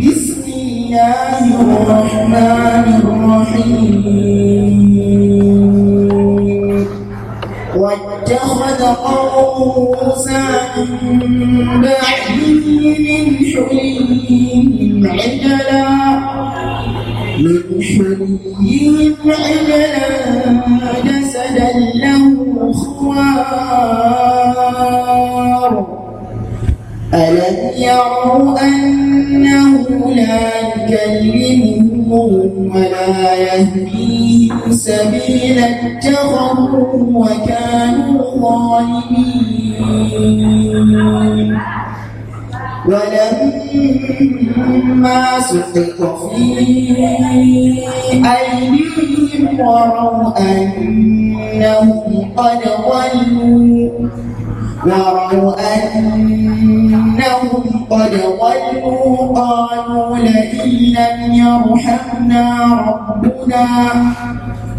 بسم الله الرحمن الرحيم واتخذ قوم موسى من بعده من حليهم عجلا من حليهم عجلا جسدا له خوار يروا أنه لا يكلمهم ولا يهديهم سبيلا اتخذوه وكانوا ظالمين ولما سقط في أيديهم وروا أنهم قد ضلوا ورأوا أنهم قد ضلوا قالوا لئن لم يرحمنا ربنا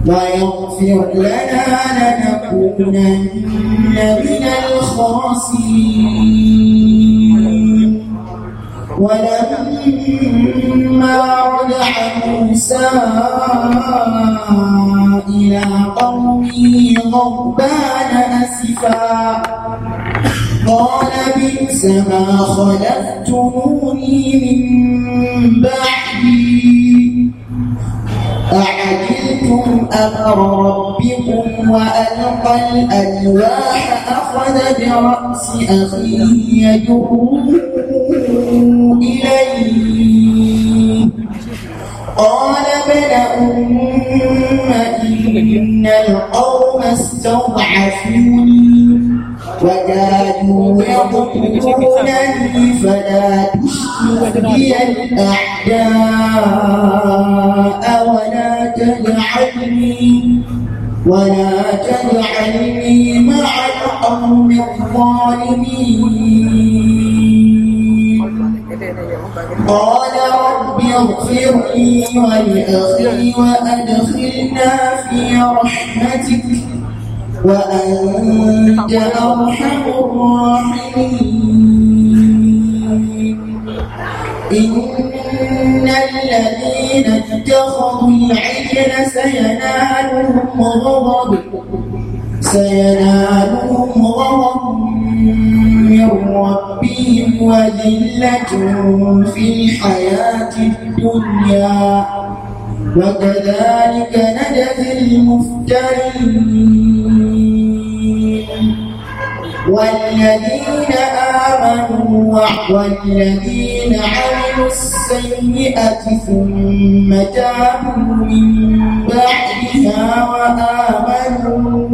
ويغفر لنا لنكونن من الخاسرين ولما رجع موسى إلى قومه غضبان أسفا قال بئس ما خلفتموني من بعدي أعجلتم أمر ربكم وألقى الألواح أخذ برأس أخيه يجره إليه قال بل أم إن القوم استضعفوني وكانوا يقتلونني فلا تشمي الأعداء ولا تجعلني ولا تجعلني مع القوم الظالمين قال رب اغفر لي ولأخي وأدخلنا في رحمتك وأنت أرحم الراحمين إن الذين اتخذوا العجل سينالهم غضب سينالهم غضب من ربهم وذلة في الحياة الدنيا وكذلك نجزي المفترين والذين آمنوا والذين عملوا السيئة ثم تابوا من بعدها وآمنوا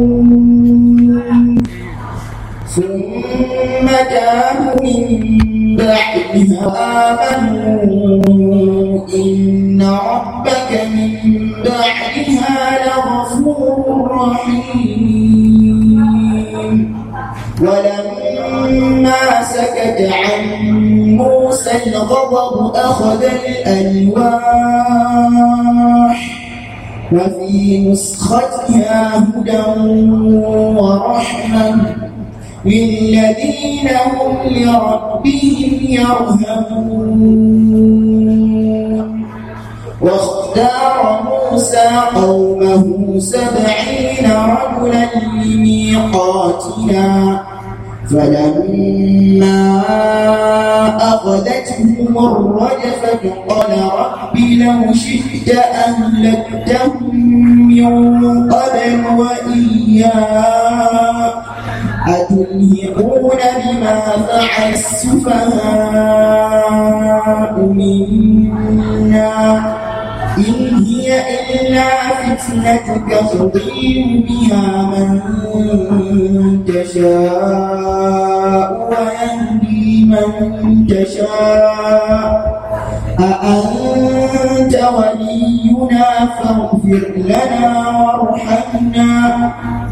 ثم تابوا من بعدها وآمنوا إن ربك من بعدها لغفور رحيم ولما سكت عن موسى الغضب أخذ الألواح وفي نسختها هدى ورحمة للذين هم لربهم يرهبون واختار موسى قومه سبعين رجلا لميقاتنا فلما أخذتهم الرجفة قال رب لو شئت أهلكتهم من قبل وإياك أتلهقون بما فعل السفهاء منا إن هي إلا فتنتك تضل بها من تشاء ويهدي من تشاء أأنت ولينا فاغفر لنا وارحمنا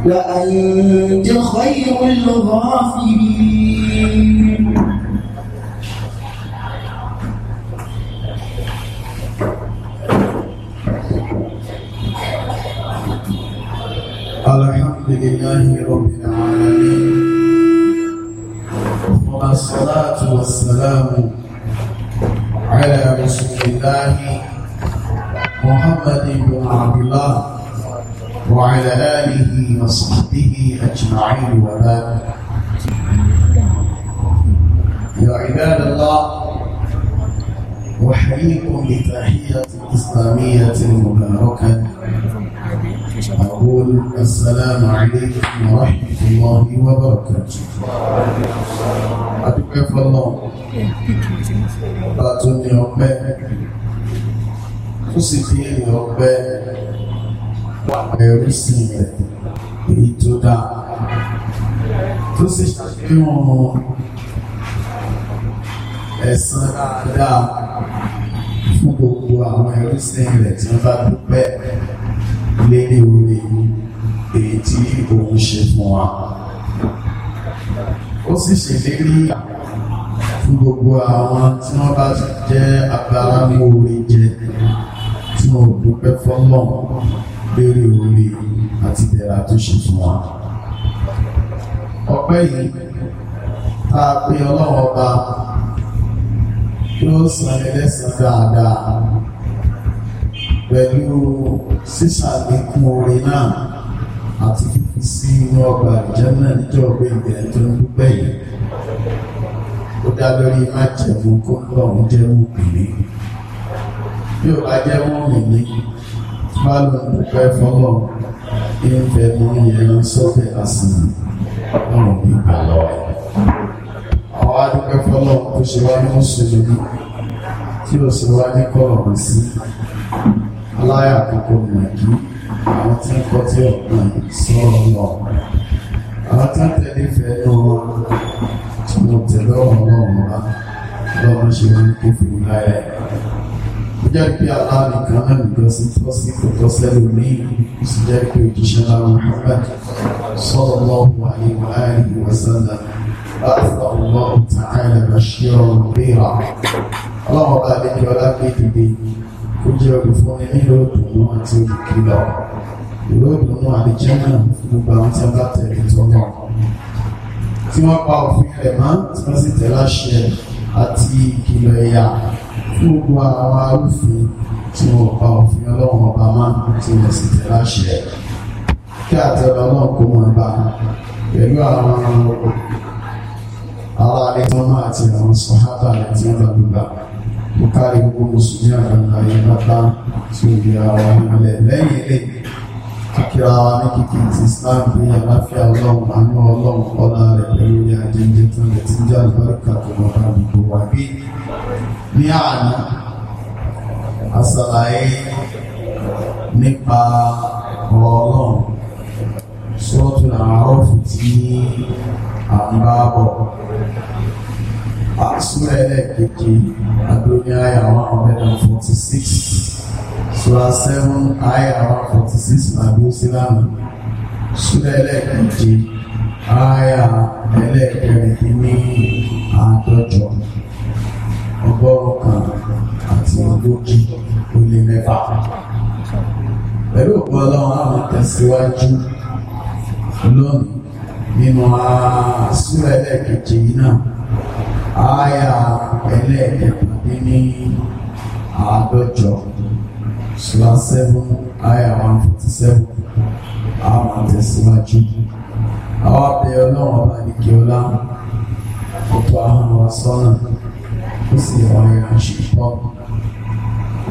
وأنت خير الغافرين الحمد لله رب العالمين والصلاة والسلام على رسول الله محمد بن عبد الله وعلى آله وصحبه أجمعين وبعد يا عباد الله أحييكم بتحية إسلامية مباركة أقول السلام عليكم ورحمة الله وبركاته أدوك الله. أتوني ربي فسيتي ربي ẹ̀rí sí ilẹ̀ èyí tó dáa tó sì ṣàfihàn ẹ̀san dáadáa fún gbogbo àwọn ẹ̀rí sí ilẹ̀ tí wọ́n bá dúpẹ́ lérí orí èyí tí òun ṣe fún wa ó sì ṣèlérí fún gbogbo àwọn tí wọ́n bá jẹ́ abáramú orí jẹ tí wọ́n dúpẹ́ fọ́lọ́ lérí orí àti ìdẹ̀ra tó ṣe fún wa ọpẹ́ yìí tá a pe ọlọ́wọ́ bá yóò san ẹlẹ́sìn dáadáa pẹ̀lú sísàlékún orin náà àti fífi sí inú ọgbà àjẹ́nà níjọ́ ọgbẹ́ ìgbẹ́ tó ń dúpẹ́ yìí ó dá lórí májẹ̀mú kó ń bọ̀ ń jẹ́ obìnrin bí ó bá jẹ́ mọ́mìnì bá lọ dúpẹ́ fọ́lọ́ ìfẹ́ mọ́ yẹn sọ́fẹ́ àsìn ọ̀rùn ìgbà lọ́wọ́ àwọn adúpẹ́ fọ́lọ́ tó ṣe wá ní mùsùlùmí tí ó sì wá ní kọ́lọ̀ sí aláyà kókó mọ̀jú àwọn tí ń kọ́ tí ọ̀gbìn sọ̀rọ̀ lọ. Àwọn tí ń tẹ̀lé ìfẹ́ ní wọn tí mo tẹ̀lé ọ̀rọ̀ náà wọ̀ bá lọ́wọ́ ṣe ń kó fún láyà. Ó jẹ́ pé aláàbì kan náà nìkan sí tọ́ sí kò tọ́ sẹ́lẹ̀ ní ó sì jẹ́ pé òjíṣẹ́ náà Muhammad sọ̀rọ̀ lọ́wọ́ àyẹ̀wò àyẹ̀wò wàsálà. أخبر الله تعالى بشيرا ونذيرا اللهم بارك ولا تجدي ó jẹ́ ọdún fún mi nílò ìdùnnú àti olùkìlọ̀ ìlú ìdùnnú àdìjẹ́nà gbogbo àwọn tí wọ́n bá tẹ̀lé tọ́lọ̀ tí wọ́n pa òfin rẹ̀ mọ́ tí wọ́n sì tẹ̀ láṣẹ àti ìkìlọ̀ ẹ̀yà fún gbogbo àwọn arúfin tí wọ́n pa òfin ọlọ́run ọba mọ́ tí wọ́n sì tẹ̀ láṣẹ kí àtẹ̀lé ọlọ́run kó mọ̀ bá pẹ̀lú àwọn ará rẹ̀ tí wọ́n máa ti àwọn sọ̀hábà àti ìgbàgbọ́gbà ó kárí gbogbo mùsùlùmí àgbàgbà yìí bàbá tí ó yẹ ara wọn mọ́lẹ̀ lẹ́yìn ilé kíkíra wa ní kíkí ti islam ní àláfíà ọlọ́run àánú ọlọ́run ọlá rẹ̀ pẹ̀lú ní ajẹ́jẹ́ tó lè ti jẹ́ àlùbáríkà tó lọ bá gbogbo wa bí ní àná àṣàlàyé nípa ọlọ́run sọ́ọ̀tún àárọ̀ fìtí à Súra ẹlẹ́ẹ̀kejì Adóní Aya one hundred and forty six Súra seven Aya one forty six Nàbí Sílámù. Súra ẹlẹ́ẹ̀kejì Aya ẹlẹ́ẹ̀kẹrin ní àádọ́jọ ọgọ́rùn kan àti ogójì ó lé mẹ́fà. Pẹ̀lú òpó a àwọn tẹ̀síwájú lónìí nínú àásùrẹ́lẹ̀ kejì yìí náà àyà ẹlẹ́ẹ̀kẹ́kọ̀dé ní àádọ́jọ sula seven àyà one forty seven àwọn àtẹ̀síwájú àwọn abẹ́ ọlọ́run ọba nìkíọ́lá ọ̀pọ̀ àwọn ọ̀rọ̀ sọ́nà ó sì wọ́n yẹn ṣe pọ̀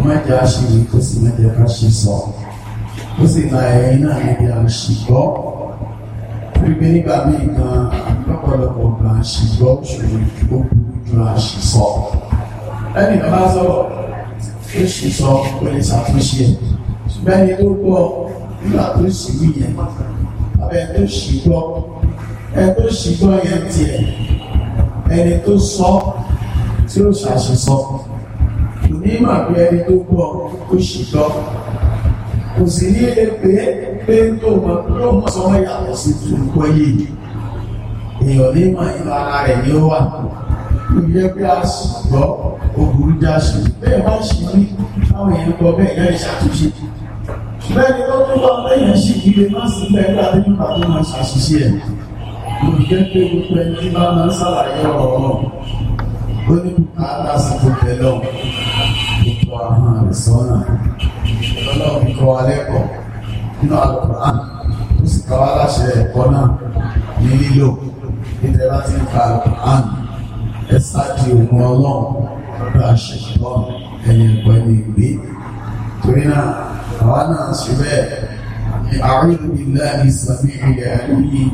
mẹ́jọ aṣèwé kó sì mẹ́jọ ká ṣe sọ ó sì náà ẹ̀yìn náà níbi àṣìgbọ́ wípé nígbà míì gan lọ́pọ̀lọpọ̀ gan àṣìgbọ́ ṣòro ó burú ju àṣìsọ ẹnì kan bá sọ̀rọ̀ ó sì sọ ó lè ṣàtúnṣe ẹ̀ ṣùgbọ́n ẹni tó gbọ́ nígbà tó sì wí yẹn tàbí ẹni tó sì gbọ́ ẹni tó sì gbọ́ yẹn tiẹ̀ ẹni tó sọ tí ó ṣàṣìsọ kò ní mà bí ẹni tó gbọ́ ó sì gbọ́ kò sí ní èpè pé tó mọ̀ tó mọ̀ sọ́wọ́ yàtọ̀ sí tòlùkọ́ yìí èèyàn ní mọ̀ ìlú ara rẹ̀ ní ó wà ó yẹ pé a sì gbọ́ ògùrú já sí bẹ́ẹ̀ bá sì ní àwọn èèyàn gbọ́ bẹ́ẹ̀ yẹn ìṣàtúnṣe bẹ́ẹ̀ ni ó tún lọ lẹ́yìn sí ìdílé má sí bẹ́ẹ̀ láti nípa tó máa ṣàṣìṣe ẹ̀ olùjẹ́ pé gbogbo ẹni tí bá máa ń ṣàlàyé ọ̀rọ̀ náà ó ní bùkátà sí gbogbo ẹ̀ lọ́wọ́ kíkọ́ àwọn àrẹ̀sọ́nà ọlọ́run kíkọ́ alẹ́kọ̀ọ́ nínú alukur'an ó sì káwá láṣẹ ẹ̀kọ́ náà ní lílò nítorí bá ti ń ka alukur'an ẹ sáàdì òun ọlọ́run lọ́dọ̀ àṣẹ ìtọ́ ẹ̀yìn ẹ̀kọ́ ẹni ìgbé torí náà àwa náà ṣe bẹ́ẹ̀ أعوذ بالله السميع العليم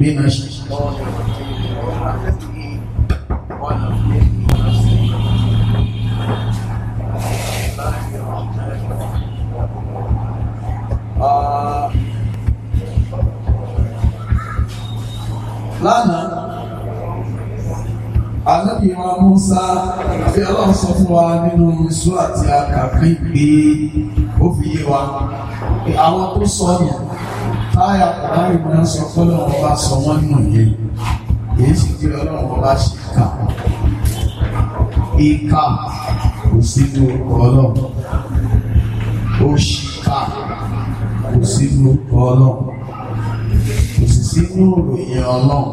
من الشيطان الرجيم Ah. lánàá ànábì wa Musa tí ọlọ́run sọ fún wa nínú iṣu àti akàfin pé ó fi yé wa àwọn tó sọ yẹn táyà kọ̀ọ̀kan ìmọ̀ sọ fọ́lọ́ wọn bá sọ wọ́n nù yẹn èyí sì jẹ́ ọlọ́run bá ṣe kà ìkà kò sínú ọlọ́run ó ṣì kà kò sí lórúkọ ọlọ́run kò sì sí níròyìn ọlọ́run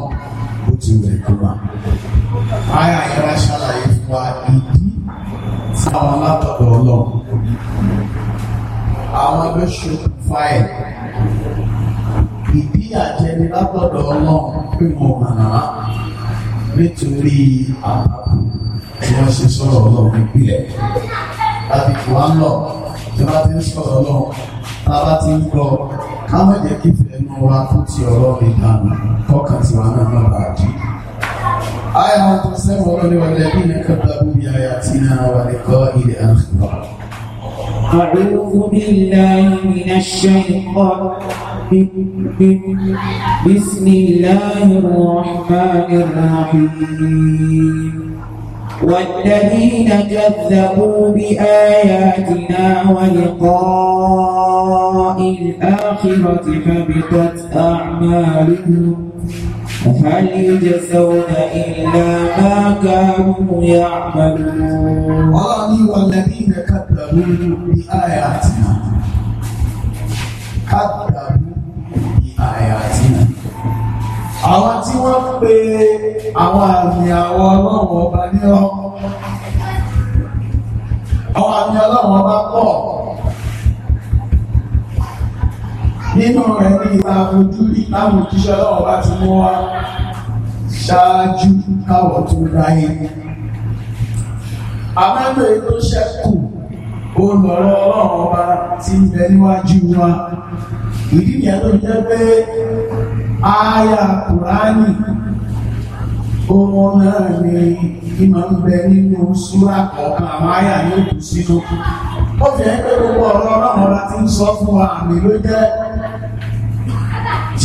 bó ti rẹ̀ tó wà. Aya yẹn wá ṣàlàyé fún wa ìdí tí àwọn látọ̀dọ̀ ọlọ́run. Àwọn ẹgbẹ́ ṣokùnfà ẹ̀ ìdí àjẹni látọ̀dọ̀ ọlọ́run pé mo mànà nítorí àbábò tí wọ́n ṣe sọ̀rọ̀ ọlọ́run ìpìlẹ̀. Tàbí kí wọ́n lọ tí ti ń sọ̀rọ̀ ọlọ́run tábà ti ń gbọ́ káwọn jẹ́ kí fẹ́ẹ́nu wa kú ti ọ̀rọ̀ mi dànù kọ́kàn tiwa náà má bàa jù. Aya wọn tó sẹ́wọ̀n ọlọ́lẹ́ wọlé bí ní kọ́kọ́ bíbí aya tí náà wà lè kọ́ ilé àkùrọ̀. أعوذ بالله من الشيطان بسم الله الرحمن الرحيم والذين كذبوا بآياتنا ولقاء الآخرة حبطت أعمالكم هل يجزون إلا ما كانوا يعملون قالوا والذين كذبوا بآياتنا كذبوا بآياتنا àwọn tí wọ́n pe àwọn àmì àwọn ọlọ́run ọba ní ọ́ àwọn àmì ọlọ́run ọba pọ̀ nínú rẹ̀ ní ìta ojú rí láwọn òjíṣẹ́ ọlọ́run bá ti mú wá ṣáájú káwọ̀ tó ráyé. Amẹ́gbẹ́ tó ṣẹ́kù olùrọ̀ ọlọ́run ọba ti ń bẹ níwájú wa. Ìdí nìyẹn tó jẹ́ pé àyà Kùránì ohun náà ni ìmọ̀ ń bẹ nínú súrà kọ̀ọ̀kan àwọn àyà yóò kù sínú. Ó fi ẹgbẹ́ gbogbo ọ̀rọ̀ ọlọ́run ọba ti ń sọ fún wa àmì ló jẹ́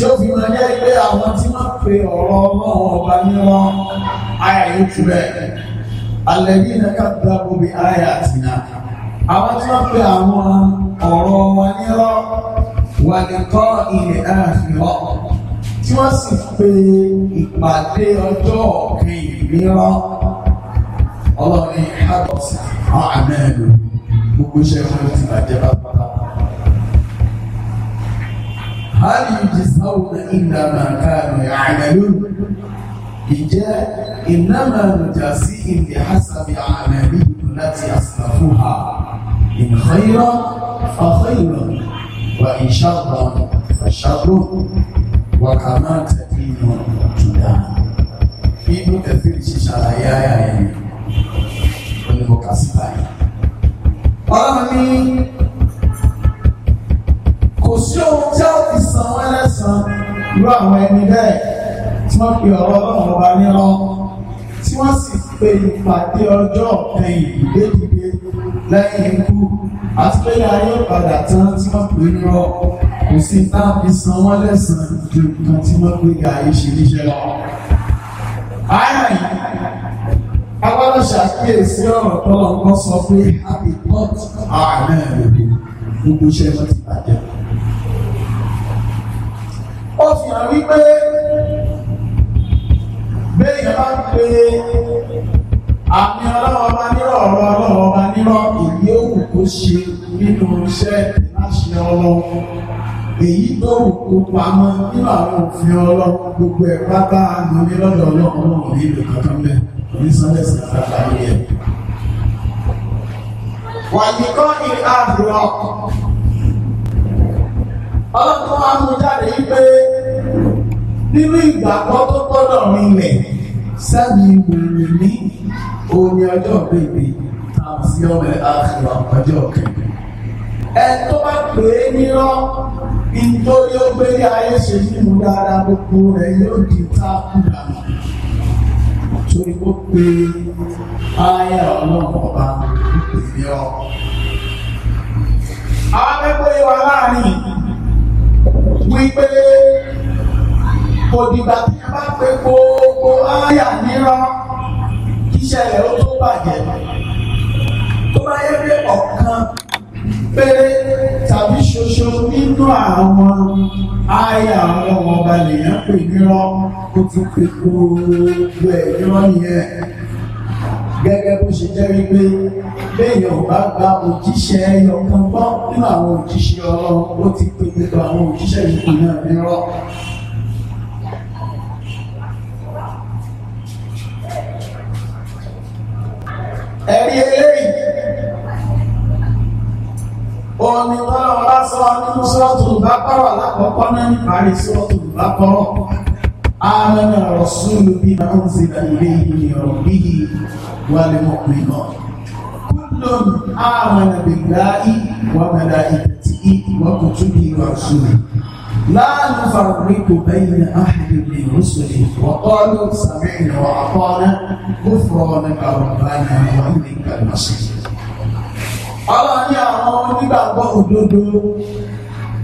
tí ó fi máa jẹ́ pé àwọn tí wọ́n pe ọ̀rọ̀ ọlọ́run ọba ní wọn àyà yóò jù bẹ́ẹ̀ alẹ́ yìí náà ká gba gbogbo àyà àti náà àwọn tí wọ́n pe àwọn ọ̀rọ̀ ọba ní wọn wà ní kọ́ ilẹ̀ àfihàn tí wọ́n sì pe ìpàdé ọjọ́ ọ̀gbìn mìíràn ọlọ́run ní àtọ̀sí àwọn àmẹ́ẹ̀lú gbogbo iṣẹ́ wọn ti bàjẹ́ bá pátá. هل يجزون إلا ما كانوا يعملون إجاء إنما نجازيهم بحسب أعمالهم التي أسلفوها إن خيرا فخيرا وإن شرا فشر وكما تدين تدان ابن كثير ṣàlàyé يا يا يا onímọ̀kásíbáyé. ọlọ́run ní kò sí ohun tí a fi san wọ́n lẹ́san irú àwọn ẹni bẹ́ẹ̀ tí wọ́n fi ọ̀rọ̀ Ọlọ́run ọba nírọ́ tí wọ́n sì pe ìpàdé ọjọ́ ọ̀gbìn ìdílé lẹ́yìn ikú àti pé ayé padà tán tí wọ́n pè é kò sí tá a fi san wọ́n lẹ́san ju nǹkan tí wọ́n pè é ayé ṣe níṣẹ́ lọ. Àyà yìí, agbọ́dọ̀ ṣàkíyèsí ọ̀rọ̀ tọ́lọ̀ ń sọ pé àbí pọ́t àárẹ̀ rẹ̀ gbogbo iṣẹ́ wọn ti mọ̀ wípé béèyàn bá ń pe àmì ọlọ́wọ́ bá nírọ̀ ọ̀rọ̀ ọlọ́wọ́ bá nírọ̀ èyí ó wù kó ṣe nínú iṣẹ́ ìláṣẹ ọlọ́wọ́ èyí tó wù kó pamọ́ nínú àwọn òfin ọlọ́wọ́ gbogbo ẹ̀ pátá àmọ́ ní lọ́dọ̀ ọlọ́wọ́ náà ní ìlú kankan bẹ́ẹ̀ ní sunday sí àgbà yìí ẹ̀. wàyí kọ́ ní àbúrò ọlọ́kùnrin amújáde yìí pé nínú ìgbàgbọ́ tó gbọ́dọ̀ rinlẹ̀ sẹ́mi ìwòrì ní omi ọjọ́ bèbè àti ọmọ àkàrà ọjọ́ kẹ̀kẹ́. ẹ tó bá pè é nírọ́ nítorí ó gbé ní ayé ṣe nínú dáadáa gbogbo rẹ̀ yóò di táàkù torí ó pe ayé ọlọ́run ọba ìpèlè ọ. àwọn akẹ́kọ̀ọ́ yìí wà láàrin wípé kò dìgbà tí a bá pé gbogbo áyà níran kíṣẹlẹ̀ ó tó bàjẹ́ tó bá yẹ pé ọ̀kan péré tàbí ṣoṣo nínú àwọn àyà àwọn ọba lèèyàn pè nírọ́ kó tún pè gbogbo ẹ̀ nírọ́ nìyẹn gẹ́gẹ́ bó ṣe jẹ́ wípé béèyàn bá gba òjíṣẹ́ ẹyọkan gbọ́ nínú àwọn òjíṣẹ́ ọlọ́run ó ti pè gbogbo àwọn òjíṣẹ́ ìṣòkò náà nírọ́. ẹ̀rí eléyìí òun ni wọ́n lọ bá sọ nínú sọ́ọ̀tù ìbápọ̀rọ̀ lákọ̀ọ́kọ́ náà ní parí sọ́ọ̀tù ìbápọ̀rọ̀ àmọ́nà rọ̀súlù bí máa ń ṣe ilé ìyọ̀rọ̀ bí i wálé mọ̀pin náà kúndùn àmọ́nà bìgbà í wàmẹ́lá ìtẹ̀tì í wọ́kùtù bí wàásù لا نفرق بين أحد من رسله وقالوا سمعنا وأطعنا غفرانك ربنا وإليك المصير Ọlọ́run ní àwọn onígbàgbọ́ òdodo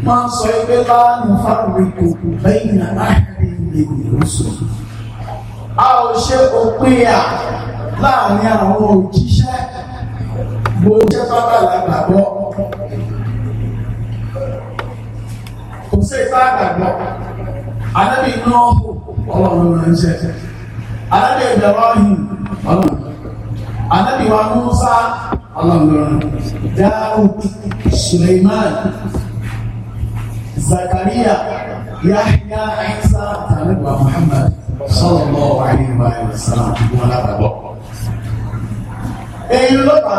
máa ń sọ ẹgbẹ́ láàánú fáwọ̀rìkò lẹ́yìn aláìní ìlú sọ̀rọ̀. A ò ṣe òpinya láàrin àwọn òjíṣẹ́ gbogbo jẹ́ bábà lágbàgbọ́ kò sí ìta àgbàgbọ́ anábì iná ọlọ́run rẹ̀ ń ṣe anábì ìbẹ̀rọ ọ̀hìn ọlọ́run anábì wa Musa ọlọ́run Dawud Suleiman Zakaria Yahya Isa tàbíwá Muhammad sallallahu alaihi wa sallam wọn lábàbọ̀ èyí ló bá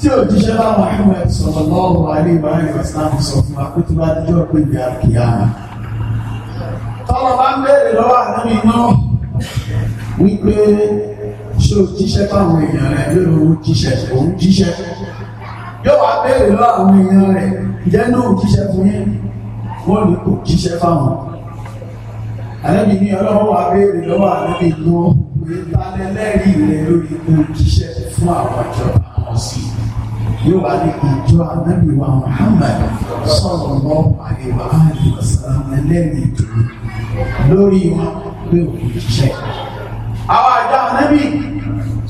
tí òjíṣẹ́ bá Muhammad sọ̀rọ̀ lọ́wọ́ alẹ́ ìbáraẹ̀ islam sọ fún wa pé tó bá dijọ́ pé ìgbà kìá. tọ́lọ̀ bá ń béèrè lọ́wọ́ àdámì náà wípé ṣé o jíṣẹ́ fáwọn èèyàn rẹ̀ lórí owó jíṣẹ́ òun jíṣẹ́ yóò wá béèrè lọ́wọ́ àwọn èèyàn rẹ̀ ìjẹ́ náà ò jíṣẹ́ fún yín wọ́n ní kò jíṣẹ́ fáwọn. àdámì ní ọlọ́wọ́ wa béèrè lọ́wọ́ àdámì náà pé ta lẹ́lẹ́rìí rẹ̀ lórí owó jíṣẹ́ fún àwọn ìjọba àwọn sí i yóò wá ní àjọ anábì wa Muhammad sọ̀rọ̀ lọ àyẹ̀wò àyẹ̀wò sàlámù ẹlẹ́nìí lórí wọn pé òkú jíṣẹ́. àwọn àjọ anábì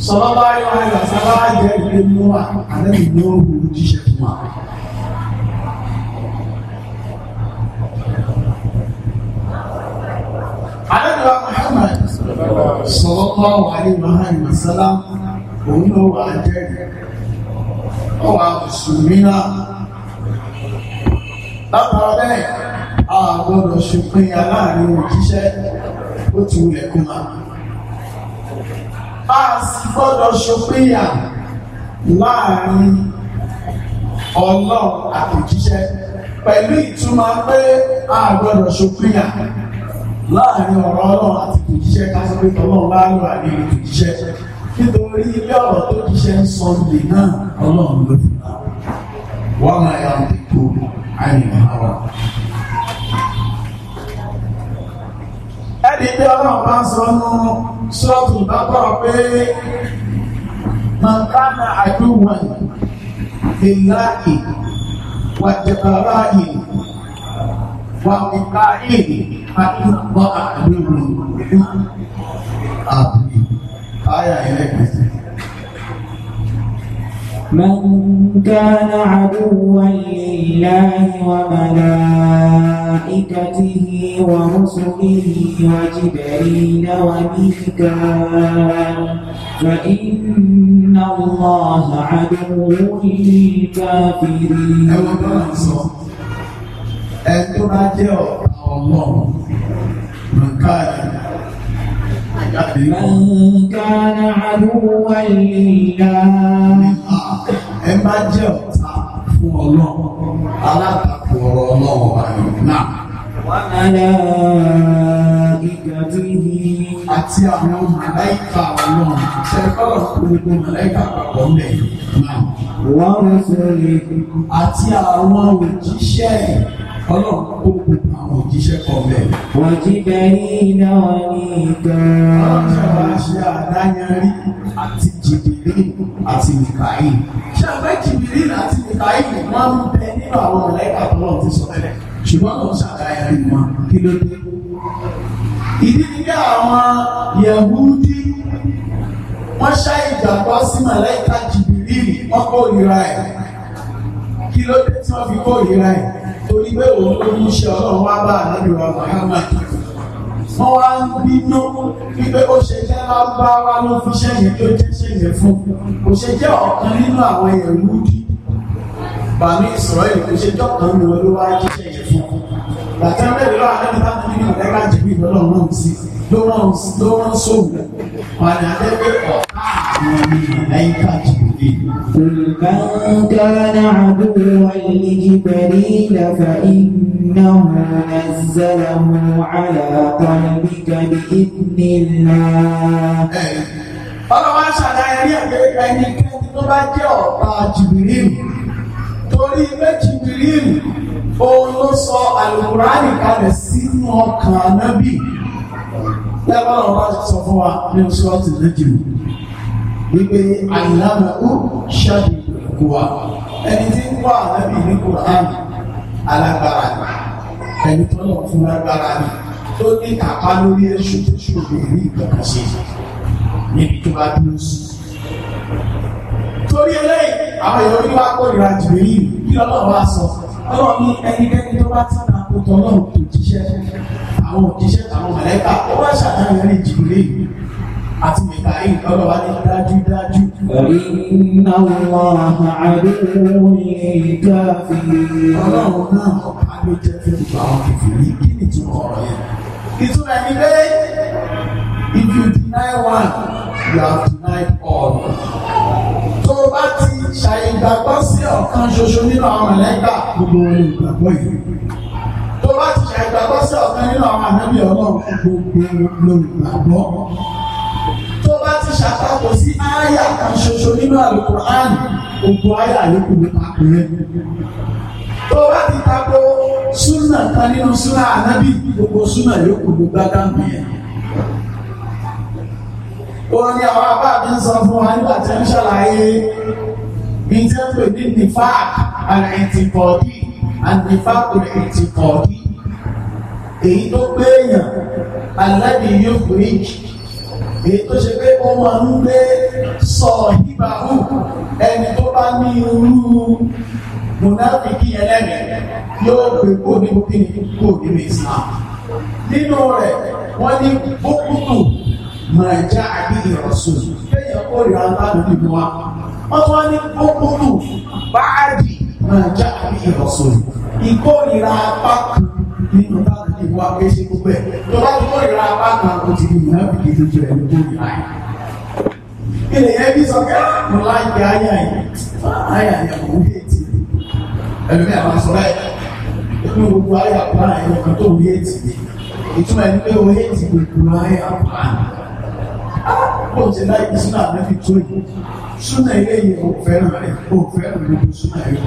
sọ̀rọ̀ bá yọ àyẹ̀wò sàlámù jẹ́ ìpè mú wa anábì ní òkú jíṣẹ́ fún wa. anábì wa Muhammad sọ̀rọ̀ lọ́wọ́ àyẹ̀wò àyẹ̀wò sàlámù òun ló wà jẹ́rìí ọwà mùsùlùmí náà látara bẹ́ẹ̀ àwọn ọ̀ṣùpín aláàrin òjíṣẹ́ ó ti wulẹ̀ kó máa bá a sì gbọ́dọ̀ ṣòpínyà láàrin ọlọ́run àtòjíṣẹ́ pẹ̀lú ìtumọ̀ pé a gbọ́dọ̀ ṣòpínyà láàrin ọ̀rọ̀ ọlọ́run àtòjíṣẹ́ ká sọ pé ọlọ́run láàrin àdéhùn àtòjíṣẹ́ nítorí ilé ọ̀rọ̀ tó jíṣẹ́ ń sọ lè náà ọlọ́run ló fi náà wọ́n máa yà ń dìbò àyìnbá wa. ẹni tí ọlọ́run bá sọ nù sọ́ọ̀tù bá bọ̀ pé mọ̀nkánà àdúwọ̀n ìlàkì wàjẹ̀bàrà yìí wà mìkà yìí àti ìgbọ́ àdúwọ̀n ìlú àbúrò. آية إليك من كان عدوا لله وملائكته ورسله وجبريل وميكال فإن الله عدو للكافرين ẹni tó bá jẹ́ ọ̀pá من كان عدوا لله ẹ má jẹ́ ọ̀tá fún ọlọ́run alátakò ọ̀rọ̀ ọlọ́run ọba yìí náà. wàhálà ìgbàdúgbì. àti àwọn màláìka ọlọ́run ṣẹ́kọ̀ọ́ gbogbo màláìka pàpọ̀ ń bẹ̀ náà. wọ́n rẹ̀ sọ̀rọ̀ àti àwọn òjíṣẹ́ yìí ọlọ́run kó gbogbo àwọn òjíṣẹ́ kan bẹ̀. wọ́n ti bẹ̀rẹ̀ iná ní gan-an. ọlọ́run ṣe wá ṣe àdáyanrí àti jìbìrì àti mìkàí. ṣàfẹ́ jìbìrì àti mìkàí wọ́n ń bẹ nínú àwọn ọ̀lẹ́kà tó lọ́ọ̀ ti sọ tẹ́lẹ̀ ṣùgbọ́n kò ṣàdáyanrí wọn kí ló dé. ìdí ni bí àwọn yẹ̀wúdí wọ́n ṣá ìjàpá sí màláìka jìbìrì wọ́n kó ìra ẹ̀ kí ló dé tí wọ́n fi kó ìra ẹ̀ torí pé òun ló ń ṣe ọlọ́run wá bá àlejò wa Muhammad wọ́n wá ń bínú wípé ó ṣe jẹ́ lágbára ló fi ṣẹ́yìn tó jẹ́ ṣẹ́yìn fún kò ṣe jẹ́ ọ̀kan nínú àwọn ẹ̀rú dí bàmí Ísírẹ́lì kò ṣe jọ́kan ní wọn ló wá jẹ́ ṣẹ́yìn fún bàtà mẹ́rin lọ́wọ́ àdébí bá ti ní ọ̀rẹ́ ká ló rán sóòwò wọn àdébí ọ̀ká قل من كان عدوا لجبريل فإنه نزله على قلبك بإذن الله ọlọ́wọ́ aṣàlàyé ní ẹ̀gbẹ́ ẹnikẹ́ni tó bá jẹ́ ọ̀tá jìbìrìlù torí pé jìbìrìlù òun ló sọ àlùkùránì kalẹ̀ sínú ọkàn anábì lẹ́gbọ́n ọ̀rọ̀ sọ fún wa ní oṣù ọ̀tún lẹ́jìrì wípé àìlànà ó ṣàbí ìkúwà ẹni tí ń wà lábì ní Qur'an alágbára ni ẹni tó lọ fún alágbára ni tó ní kápá lórí èṣù tó ṣòro ìrí ìtọ́ka sí níbi tó bá dúró sí. torí eléyìí àwọn èèyàn orí wa kórìíra jùlọ yìí kí lọ́lọ́run wá sọ lọ́wọ́ ní ẹnikẹ́ni tó bá tán àkótọ́ ọlọ́run tó jíṣẹ́ àwọn òjíṣẹ́ àwọn mọ̀lẹ́kà ó wá ṣàtàyàn ní jùlọ yìí àti mìkàí ọlọ́wà ní dájúdájú. Inna Allaha aduwwun lil kafirin. Ọlọ́run náà ọ̀pá ló jẹ́ fún ìgbà àwọn kìfìrí kí ni ìtumọ̀ ọ̀rọ̀ yẹn. Ìtumọ̀ ẹni pé if you deny one, you have denied all. Tó o bá ti ṣàìgbàgbọ́ sí ọ̀kan ṣoṣo nínú àwọn mẹ̀lẹ́gbà gbogbo wọn ìgbàgbọ́ yìí. Tó o bá ti ṣàìgbàgbọ́ sí ọ̀kan nínú àwọn ànábì Ọlọ́run gbogbo wọn ìgbàgbọ́ ṣàtàkùn sí àyà kan ṣoṣo nínú àlùkùránì gbogbo àyà yòókù ní papò yẹn tó bá ti tako súnà kan nínú súnà ànábì gbogbo súnà yòókù ló gbádà mí yẹn wọ́n ní àwọn àbá mi ń sọ fún wa nígbà tí ń ṣàlàyé ní tẹ́pẹ̀ ní nifak àrà ìtìkọ̀ọ́dì ànifak àrà ìtìkọ̀ọ́dì èyí tó gbé èèyàn alẹ́ ni yóò fún èjì èyí tó ṣe pé ó máa ń gbé sọ híbàhù ẹni tó bá ní irú mùnáfíkì ẹlẹ́mì yóò gbé kó ní kó ní kó nínú Islam nínú rẹ̀ wọ́n ní bókútù máa já àbíyè ọ̀sùn kéèyàn kó rí nínú wa wọ́n tún wá ní bókútù báàdì máa já àbíyè ọ̀sùn ìkórìíra apá kan nínú táwọn ìlú wa pé ṣe gbogbo ẹ̀ tó bá ti kó ìra apá kan kò ti di ìná bìkì tuntun ẹ̀ ló kó ìra ẹ̀. ilé yẹn bí sọ kẹ́ ah, mo láìpẹ́ ayà yìí ayà yẹn kò ń hẹ́ẹ̀tì ẹ̀lùmí àwọn aṣọ ẹ̀ ní gbogbo ayà plan ẹ̀ kan tó ń hẹ́ẹ̀tì ìtumọ̀ ẹ̀ pé o hẹ́ẹ̀tì gbogbo ayà plan ah, bó ti láì bí súnà àbẹ́bí tó yìí súnà ilé yìí ò fẹ́ràn rẹ̀ ò fẹ́ràn gbogbo súnà ẹ̀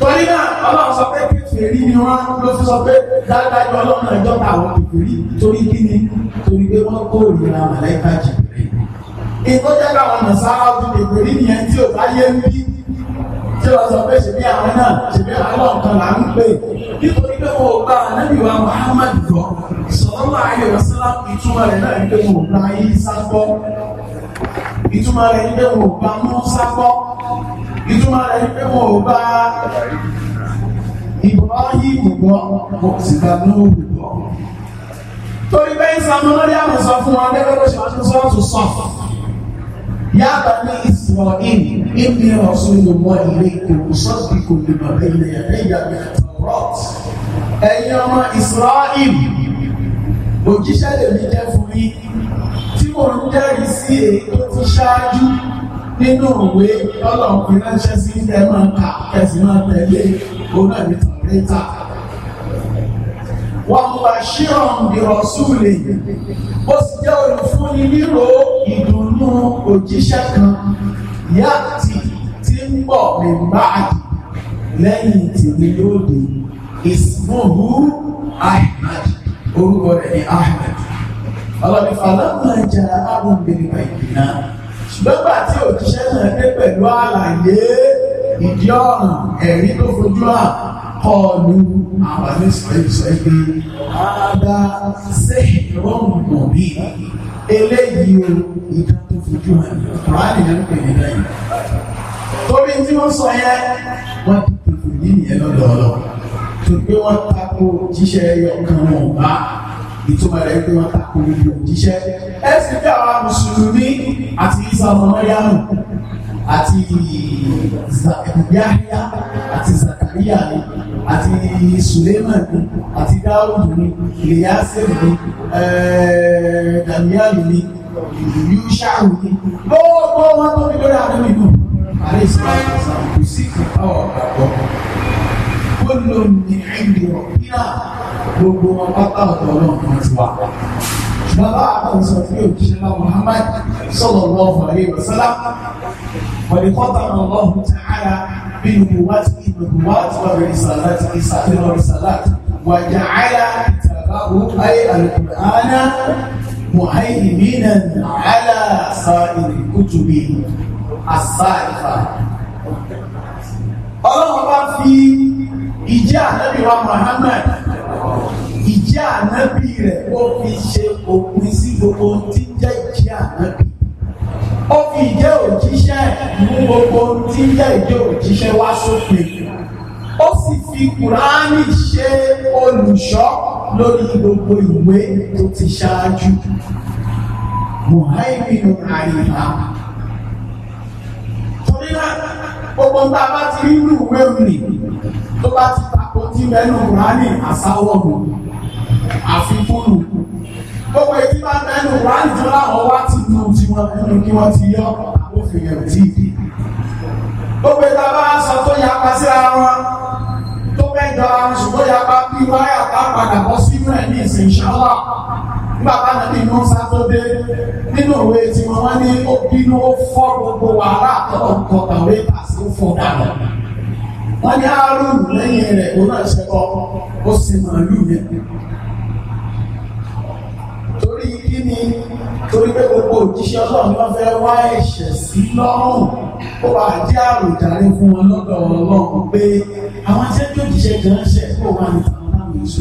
torí náà ọlọ́run sọ pé kèfèrí ni wọ́n ló fi sọ pé dáadájú ọlọ́run ìjọba àwọn kèfèrí torí kí ni torí pé wọ́n kórìíra màláìka jìbìrì ìkọjá káwọn nàṣàrà ọdún kèfèrí nìyẹn tí ò bá yé ń bí tí wọ́n sọ pé ṣèbí àwọn náà ṣèbí àwọn ọ̀kan là ń pè nítorí pé wọn ò gba anábìwá Muhammad gbọ́ sọlọ́lá ayé wàsálà ìtumọ̀ rẹ̀ náà ní pé wọn ò gba ayé sáfọ́ ìtumọ̀ rẹ̀ ní pé wọn ò gba mọ́ sáfọ́ ìtumọ̀ rẹ̀ pé wọn ò bá Ibrahim gbọ́ kò sì bá Nuhu gbọ́ torí pé ìsàmù lórí àmì sọ fún wọn gẹ́gẹ́ bó ṣe wá sí sọ́ọ̀tù sọ́ọ̀tù yàtọ̀ ní ìsìnwọ̀n ìní ọ̀sùn ìlúmọ̀ ilé ìkòkò sọ́ọ̀tù kò lè mọ̀ bẹ́ẹ̀ ilẹ̀ yàtọ̀ ìyàgbẹ́ rọ́t ẹ̀yin ọmọ Israel òjíṣẹ́ lèmi jẹ́ fún mi tí mò ń jẹ́rìí sí èyí tó ti ṣáájú nínú òwe ọlọ́ọ̀pẹ ránṣẹ́ sí ẹ máa kà kẹsì máa tẹ̀lé oná ní tàbílẹ́tà. wọ́n gba ṣíọ̀n bìrọ̀ súlè ó sì jẹ́ olùfúnni nílò ìdùnnú òjíṣẹ́ kan ìyá àti tí ń bọ̀ mí báàgì lẹ́yìn tèmi yóò dé ìsìnkú Ahmad orúkọ rẹ̀ ní Ahmad ọlọ́bí falẹ́ máa jẹ́ àrùn bèrè bàyìí náà ṣùgbọ́n tí òjíṣẹ́ náà dé pẹ̀lú àlàyé ìdí ọ̀ràn ẹ̀rí tó fojú hàn kọlu àwọn àlẹ́sọ̀ ìsọ̀ ẹgbẹ́ ààbá sẹ́hìnrọ́ọ̀mù mọ̀bí eléyìí o ìdá tó fojú hàn kùránì ló ń pè ní lẹ́yìn. torí tí wọ́n sọ yẹ wọ́n ti tètè yí nìyẹn lọ́dọọlọ́ tó gbé wọ́n tako jíṣẹ́ ẹyọ kan wọn bá ìtumọ̀ rẹ̀ pé wọ́n tako gbogbo òjíṣẹ́ ẹ sì fi àwọn mùsùlùmí àti isa ọmọ mẹ́ríàmù àti zakariya àti zakariya ni àti suleiman ni àti dawud ni liyasir ni damian ni yushahu ni gbogbo wọn tó ní lórí àwọn ìlú àlẹ́ ìsìlámù kò sí ìfipá ọ̀gbàgbọ́ kó ló ní ẹ̀yìn rọ̀ bíra gbogbo wọn pátá ọ̀dọ̀ náà kan ti wà. Bàbá àbọ̀n sọ fún òjíṣẹ́ náà Muhammad sọ̀rọ̀ lọ́wọ́ àyè wàsálà. Wàlíkọ́tà náà lọ́hùn ti ara bí ìwà ti ìgbàgbọ́ wá ti wà rẹ̀ Ọlọ́run bá fi ìjẹ́ ànábìwá Muhammad ìjẹ́ ànábì rẹ̀ ó fi ṣe òpin sí gbogbo tí ń jẹ́ ìjẹ́ ànábì ó fi ìjẹ́ òjíṣẹ́ mú gbogbo tí ń jẹ́ ìjẹ́ òjíṣẹ́ wá sópin ó sì fi kùránì ṣe olùṣọ́ lórí gbogbo ìwé tó ti ṣáájú muhaiminu àyíká torí náà gbogbo nta bá ti rí inú ìwé òní tó bá ti tako tí mẹ́nu kùránì àsáwọ̀ mu àfikúnù gbogbo èyí bá mẹ́nu kùránì tó láwọn wá ti nu tiwọn nínú kí wọ́n ti yọ àbófin ẹ̀ tí ì gbogbo ìta bá sọ tó yapa sí ara wọn tó bẹ́ẹ̀ jọra wọn ṣùgbọ́n yapa bí wáyà bá padà bọ́ sínú ẹ̀ ní ìsìn ṣáwà bàbá náà bí musa tó dé nínú ìwé tí wọn wá ní ó bínú ó fọ́ gbogbo wàhálà àtọkọ kọkàwé tàṣí fọ́ dànù wọn ní arúgbó lẹ́yìn rẹ̀ òun náà ṣe kọ ó sì màálù yẹn torí kí ni torí pé gbogbo òjíṣẹ́ ọlọ́run ló fẹ́ wá ẹ̀ṣẹ̀ sí lọ́rùn ó bá jẹ́ àròjàre fún wọn lọ́dọ̀ ọlọ́run pé àwọn tí ó kan ṣẹ̀ kó wà ní àwọn àwọn èso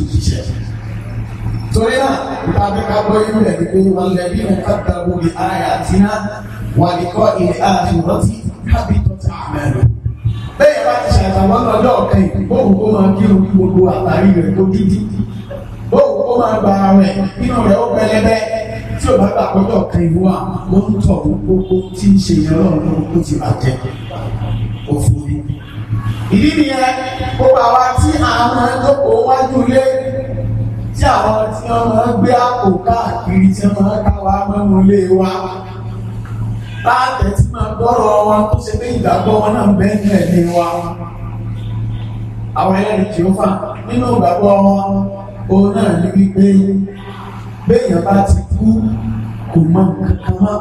torí náà nípa abẹ́ká gbọ́ inú rẹ̀ pé wọn lẹ̀ bí wọn ká gba gbogbo ààyè àti iná wà ní kọ́ ilé àfihàn tí kábí tó ta àmẹ́rù. bẹ́ẹ̀ bá ti ṣàtàwọn lọ́jọ́ ọ̀kan yìí bóun kó máa kí orí gbogbo àtàrí rẹ̀ kó dídí bóun kó máa gba rẹ̀ inú rẹ̀ ó pẹlẹbẹ tí o bá gbà gbọ́dọ̀ kan ìlú wa wọ́n ń tọ̀ gbogbo tí ń ṣe ìyẹn ọlọ́run lọ́wọ́ ti bàjẹ́ òfin. ìdí nìyẹn gbogbo àwa tí àwọn ẹgbẹ́ òwájú lé tí àwọn tí wọ́n máa ń gbé àpò káàkiri tí wọ́n máa ń káwa mẹ́nu lé wa láàtẹ̀ tí máa gbọ́rọ̀ wọn tó ṣe pé ìgbàgbọ́ wọn náà bẹ́ẹ̀ ní ẹ̀mí wa àwọn ẹlẹ́rìí tí ó fà nínú ìgbàgbọ́ wọn òun náà ní wípé béèyàn bá ti kú kò mọ kankan mọ́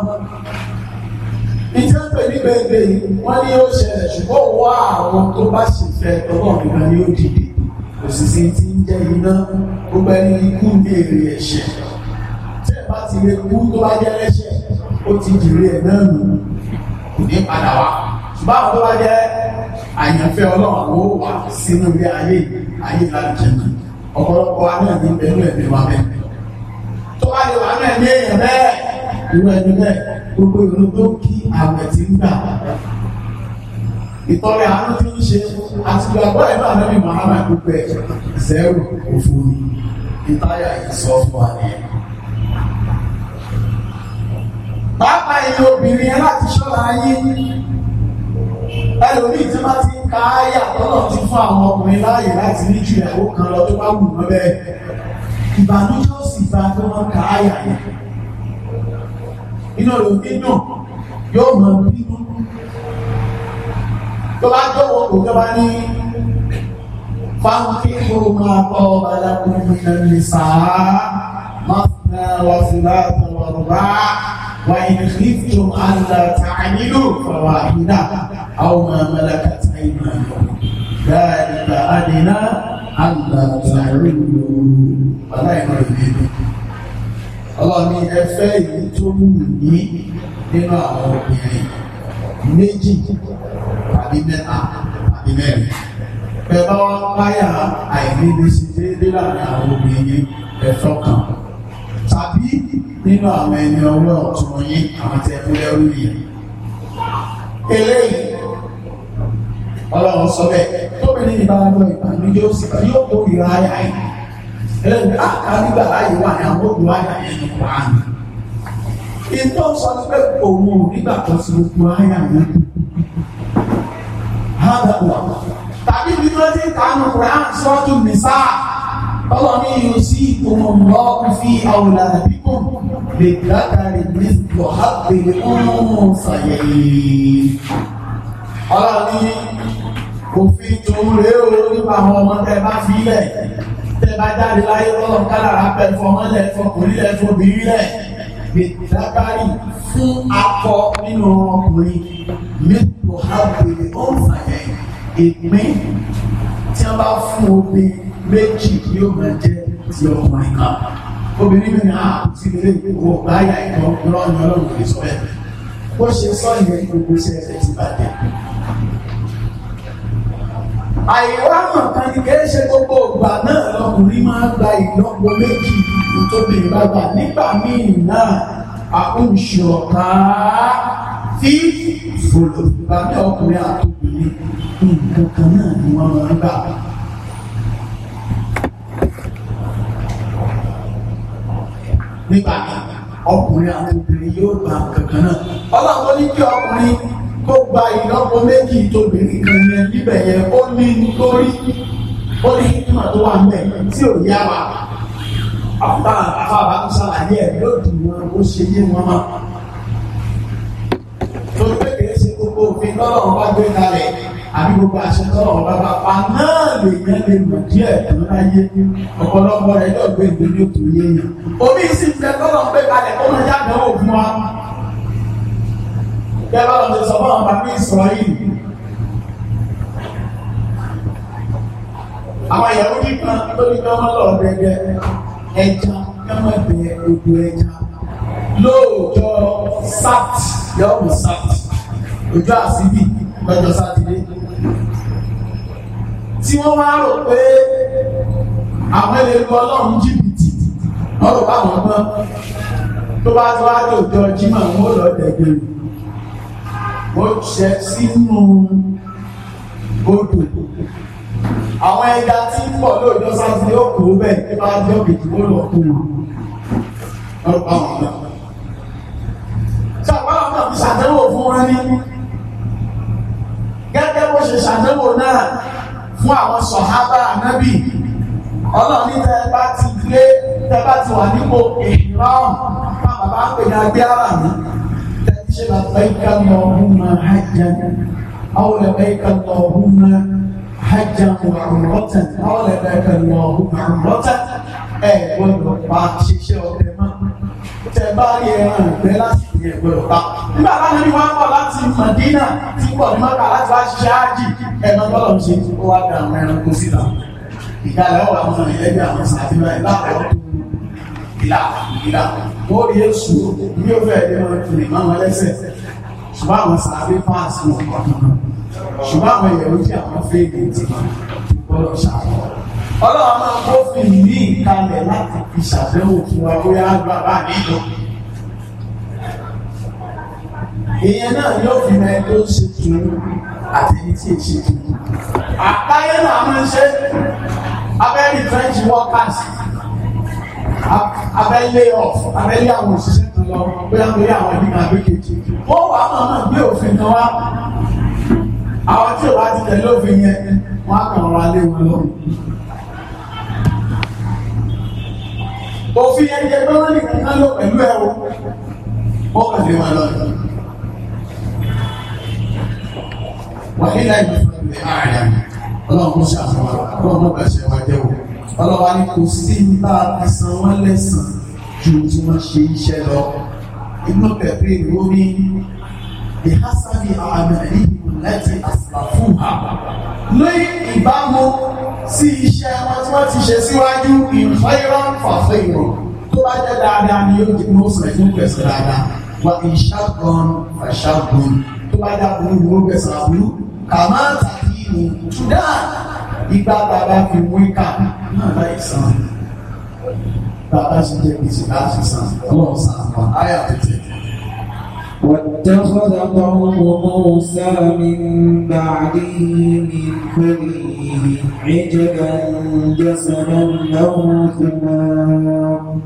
ìjọ pè ní gbẹ̀gbẹ̀ yìí ó ṣẹlẹ̀ ṣùgbọ́n wọ́n àwọn tó bá sì fẹ́ ọgbọ́n nìkan ni ó dìde kò sì sí tí ń jẹ́ iná gbogbo ẹni ikú ní èrè ẹ̀ṣẹ̀ tí ẹ bá ti rí ikú tó bá jẹ́ lẹ́ṣẹ̀ ó ti jìrì ẹ̀ náà nù kò ní padà wá ṣùgbọ́n àwọn tó bá jẹ́ àyànfẹ́ ọlọ́run ló wà sínú ilé ayé ayé lálùjẹ́ náà ọ̀pọ̀lọpọ̀ wa náà ní pẹ̀lú ẹ̀mí wa bẹ́ẹ̀ tó bá lè wà náà ní èèyàn bẹ́ẹ̀ irú ẹni bẹ́ẹ̀ gbogbo ìlú tó kí àwẹ̀ ti ń gbà ìtọ́rẹ àánú tí ń ṣe àti ìgbàgbọ́ ẹ̀ náà lẹ́yìn Muhammad púpẹ̀ zẹ́rù òfin ìtayà ìsọ fún wa ni. pápá ẹ̀yin obìnrin ẹ láti ṣọ́ra yín ẹlòmíì tí wọ́n ti ń ka áyà tọ́lọ̀ ti fún àwọn ọkùnrin láàyè láti ní ju ìyàwó kan lọ tó bá wù wọ́n bẹ́ẹ̀ ìbànújẹ́ ó sì gba pé wọ́n ka áyà yẹn inú ẹlòmíì náà yóò mọ bínú tó bá jọ̀wọ́ kò jọba ní fáwọn kí ló máa kọ́ ọ̀bàdàkùnrin náà lè sàá mọ́tò wọ́n sì bá tọ̀wọ̀ rà وإن خفتم ألا تعملوا فواحدة أو ما ملكت أيمانكم ذلك أدنى ألا تعولوا ولا يمرضون Ọlọ́run ní ẹ fẹ́ èyí tó wù ní nínú àwọn obìnrin méjì tàbí mẹ́ta tàbí mẹ́rin bẹ́ẹ̀ bá wá páyà àìlédèsí déédéé láàrin àwọn obìnrin ẹ̀fọ́ kan tàbí nínú àwọn ẹni ọwọ́ ọ̀tún yín àwọn tẹ́ fún lẹ́rú yìí eléyìí ọlọ́run sọ bẹ́ẹ̀ tóbìnrin ìbáraẹ̀mọ́ ìbànújẹ́ ó sì bá yóò kó ìrora ayà yìí ẹlẹ́yìn ah, káàkiri gbà láyé wà ní àwọn òdùwà ayà yẹn ní kùránì ìtọ́ sọ ní pé òun ò nígbà kan sí gbogbo ayà mi. tàbí bí wọ́n ti kàánù Quran sọ́tù nìsá bọ́lá ní yóò sí ìkùnmọ̀ lọ́kùn fi àwòlà àdínkù lè dákàrí ní lọ́hàbẹ̀lẹ̀ ọ̀hún sàyẹ̀yẹ̀. ọlọ́run ní òfin tòun rèé o nípa àwọn ọmọ bá fi lẹ̀ tẹ bá jáde láyé lọ́lọ́ kádàrá pẹ̀ fọmọ́lẹ̀ fọkùnrin lẹ̀ fọbìnrin lẹ̀ gbẹdábàárì fún akọ nínú ọkùnrin mẹtò hábìlì ọ̀nfàyẹ ìpín tí a bá fún obìnrin méjì yóò máa jẹ ti ọkùnrin kan obìnrin mi náà ti lè wọ báyà ìtọ́ ọlọ́run ọlọ́run kò sọ ẹ̀ bó ṣe sọ ìyẹn gbogbo ṣe ẹ̀fẹ̀ ti bàjẹ́ àìwá mọ̀ kan ní kí ẹ ṣe gbogbo ìgbà náà lọkùnrin máa gba ìlọ́po méjì ìtòbìnrin bá gbà nígbà míì náà àkóńṣe ọ̀tá tí fòlò bàbá ọkùnrin àtòbìnrin nǹkan náà ni wọ́n máa ń gbà. nígbà ọkùnrin àti obìnrin yóò gba kankan náà ọlọ́run ní kí ọkùnrin kó gba ìlọ́po méjì tóbìnrin kan yẹn níbẹ̀ yẹn ó ní nítorí ó ní ìtumọ̀ tó wà mẹ́ tí ò yá àfúrà àfàbà ń ṣàlàyé ẹ̀ yóò dùn wọn ó ṣe yé wọn mọ́. lórí pé kìí ṣe gbogbo òfin lọ́rọ̀ ọba gbé kalẹ̀ àbí gbogbo àṣẹ lọ́rọ̀ ọba bá pa náà lè yẹn lè mọ̀ díẹ̀ tó láyé ọ̀pọ̀lọpọ̀ rẹ̀ yóò gbé ìgbélé tó yé yẹn. omi ìsìn fẹ́ lọ́rọ̀ gbé kalẹ̀ kó ló yàgbẹ́ òfin wa. bẹ́ẹ̀ bá lọ́ọ́ ti sọ fún àwọn bàbá ìsọ̀rọ̀ yìí àwọn ìyàwó kíkan lórí ẹja yọmọ ẹbẹ odò ẹja lóòjọ́ sat yọmọ sat ọjọ́ àsìbì lọ́jọ́ sátidé tí wọ́n wá rò pé àwọn ẹlẹ́gbẹ́ ọlọ́run jìbìtì wọ́n rò báwọn mọ́ tó bá tó wá ní ọjọ́ jímọ̀ wọ́n lọ dẹ̀gbẹ̀rẹ̀ wọ́n ṣẹ sínú odò àwọn ẹja tí ń bọ̀ lóòjọ́ sátidé ó kó bẹ́ẹ̀ tí bá jẹ́ òkèjì ó lọ kó wọn. ọ̀pọ̀ àwọn ọ̀gá. ṣàpá àwọn náà fi ṣàtẹ́wò fún wọn ní. gẹ́gẹ́ bó ṣe ṣàtẹ́wò náà fún àwọn sọ̀hábà ànábì ọlọ́ọ̀ni tẹ́ ti gbé tẹ́ ti wà nípò ìrọ̀rùn bàbá ń pè ní ara mi tẹ́ ti ṣe làbẹ́ẹ̀kà lọ́ọ̀hún máa hájà àwọn làbẹ́ẹ̀kà lọ́ọ̀hún máa hajj àmúhàmúrọ́tà ọ̀lẹ̀ ẹ̀ka lọ àmúhàmúrọ́tà ẹ̀ gbọ́dọ̀ bá ṣiṣẹ́ ọ̀tẹ̀ mọ́. tẹ bá rí ẹran ìgbẹ́ lásìkò yẹn gbọ́dọ̀ bá. nígbà táwọn ẹni wọn pọ̀ láti Madina tí pọ̀ ní mọ́tà láti wá ṣiṣẹ́ ájì ẹ̀rọ bọ́lọ̀ ṣe ó wá dá àwọn ẹranko síta. ìgbàlẹ̀ ọ̀wà àwọn ẹlẹ́gbẹ́ àwọn sàtìmọ̀ ẹ̀ láàárọ̀ ìlà ìlà ó rí èṣù ní ó fẹ́ẹ̀ dé wọn kiri máwọn ẹlẹ́sẹ̀ ṣùgbọ́n àwọn sàbí páàsì wọn kọ̀ọ̀kan ṣùgbọ́n àwọn ìyẹ̀wò tí àwọn fèèrè ti gbọ́dọ̀ ṣàkọ́. ọlọ́run máa ń bófin ní ìkalẹ̀ láti fi ṣàbẹ̀wò fún wa bóyá àgbà bá nínú. ìyẹn náà yóò fi mẹ́ tó ṣe tùrú àti ẹni tí èṣe tùrú. àtàyé náà máa ń ṣe abẹ́rẹ́ french workers abẹ́lé ọ̀f abẹ́lé àwọn òṣìṣẹ́ kan lọ bóyá lórí àwọn ẹbí kan àgbékejì. wọ́n wà á máa gbé òfin kan wá àwọn tí ò bá ti tẹ̀lé òfin yẹn wọ́n á kàn ọ̀rọ̀ alẹ́ wọn lọ́rùn. òfin yẹn jẹ pé wọ́n lè kàn lọ pẹ̀lú ẹ̀ o wọ́n kàn lé wọn lọ́rùn. wàhálà ìgbàlódé ààrẹ ọlọ́run kò ṣàfihàn ọlọ́run kò gbàṣẹ wájẹ́ o ọlọ́wà ní kò sí bá a san wọ́n lẹ́sàn ju tí wọ́n ṣe iṣẹ́ lọ inú pẹ̀lú ìwé ní ìhásábì àmàlí ìwé lẹ́tì àsìlàfúhà ní ìbámu sí iṣẹ́ wọn tí wọ́n ti ṣe síwájú ìfẹ́ràn fàfẹ́ràn tó bá jẹ́ dáadáa ni yóò jẹ́ mọ́ sọ̀rọ̀ fún pẹ̀sẹ̀ dáadáa wà ìṣàgùn fàṣàgùn tó bá dá burú ni ó pẹ̀sẹ̀ àbúrú kàmá tàbí ìlú túdá ìgbà bàbá fi wíkà náà láì sàn bàbá ṣe jẹ́ gbèsè láti sàn ọlọ́run sàn àwọn àyà tètè. واتخذ قوم موسى من بعده من خليه عجلا جسدا له ثمام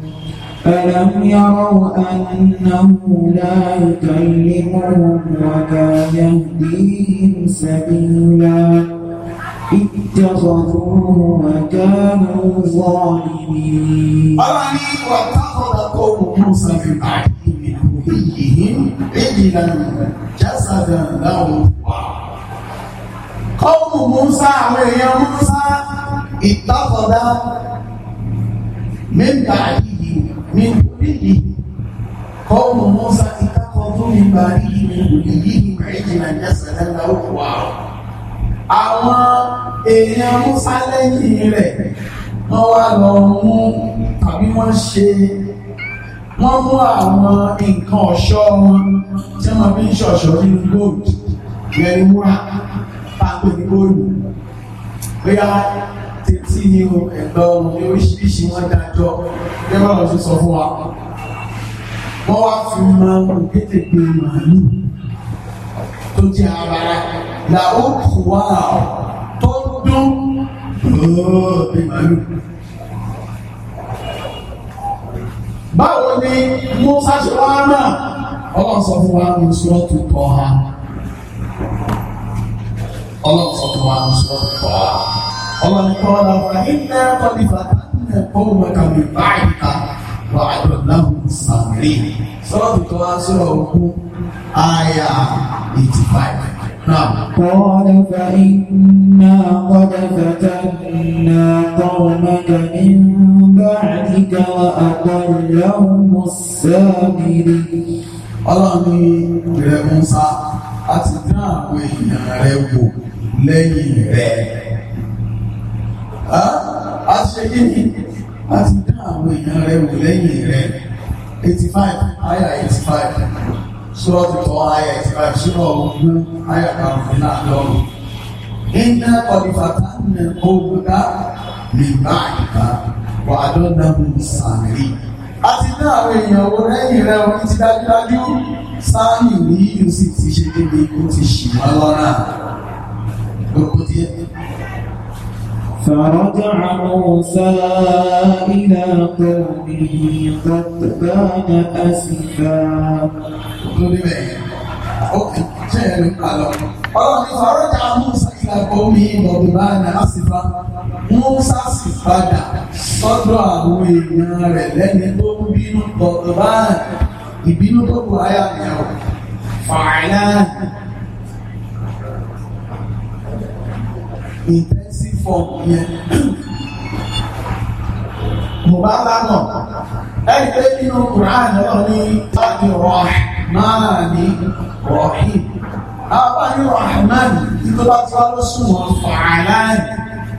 ألم يروا أنه لا يكلمهم ولا يهديهم سبيلا اتخذوه وكانوا ظالمين أرني واتخذ قوم موسى من بعده من هديهم عجلا جسدا له قوم موسى عليه موسى اتخذ من بعده من هديه قوم موسى اتخذوا من بعده من هديه عجلا جسدا له àwọn èèyàn Musa lẹ́yìn rẹ̀ wọ́n wá lọ mú tàbí wọ́n ṣe wọ́n mú àwọn nǹkan ọ̀ṣọ́ wọn tí wọ́n fi ń ṣọ̀ṣọ́ nínú gold ìyẹn ni múra pàpẹ ní góòlù bóyá tètè ní ẹ̀gbọ́n ọ̀hún ní oríṣiríṣi wọ́n dájọ́ gẹ́gẹ́ bá ṣe sọ fún wa wọ́n wá fi mọ òkété pé màálù tó jẹ́ abara làwọn kù wá tó dún bí màálù. báwo ni Musa ṣe wá náà ọlọ́run sọ fún wa ní sọ́ọ̀tù tọ́ ha ọlọ́run sọ fún wa ní sọ́ọ̀tù tọ́ ha ọlọ́run kọ́ ọ́nà wa iná tọ́lí fàtà ní ẹ̀kọ́ wọn kàwé báyìí ta wà á dọ̀ láwùjọ sàmìlì sọ́ọ̀tù tọ́ ha sọ̀rọ̀ ogún àyà eighty five. قال فإنا قد فتنا قومك من بعدك وأضلهم السامري ọlọ́run ní rẹ̀ Musa a ti dán àwọn èèyàn rẹ̀ wò lẹ́yìn rẹ̀ a ṣe yìí a ti dán àwọn èèyàn rẹ̀ wò lẹ́yìn rẹ̀ eighty five aya eighty five sọ́ọ̀tì tọ́ ayẹ̀ ìtura ìṣúná ogun ayọ̀ kàrùn-ún náà lọ́rùn. iná ọ̀dìfàtà nà ogun dá lè bá ìta wà á dọ́nà mú sàárì. a ti ná àwọn èèyàn wo lẹ́yìn rẹ̀ orí ti dájúdájú sáàyè ní yíyún sì ti ṣe débi ó ti ṣì wá lọ́nà gbogbo díẹ̀. فرجع موسى إلى قومه قد كان أسفا ló débẹ̀ yẹn ó ṣe é ló kà lọ. ọlọ́run ní ọ̀rọ̀ ká musa ìlàkọ̀ omi ìmọ̀dúnrà náà á sì fa musa sì padà sọ́dọ̀ àwọn èèyàn rẹ̀ lẹ́ni tó ń bínú tọ̀tọ̀bá ìbínú tó kù ayà nìyẹn o. fàáyà intensive form yẹn mùbálámọ̀ ẹni pé nínú kùránì náà ní tàbí rọ̀hánì rọ̀hìn abáyé rọ̀hánì nígbà bá tí wọ́n lọ sùn wọn fàálà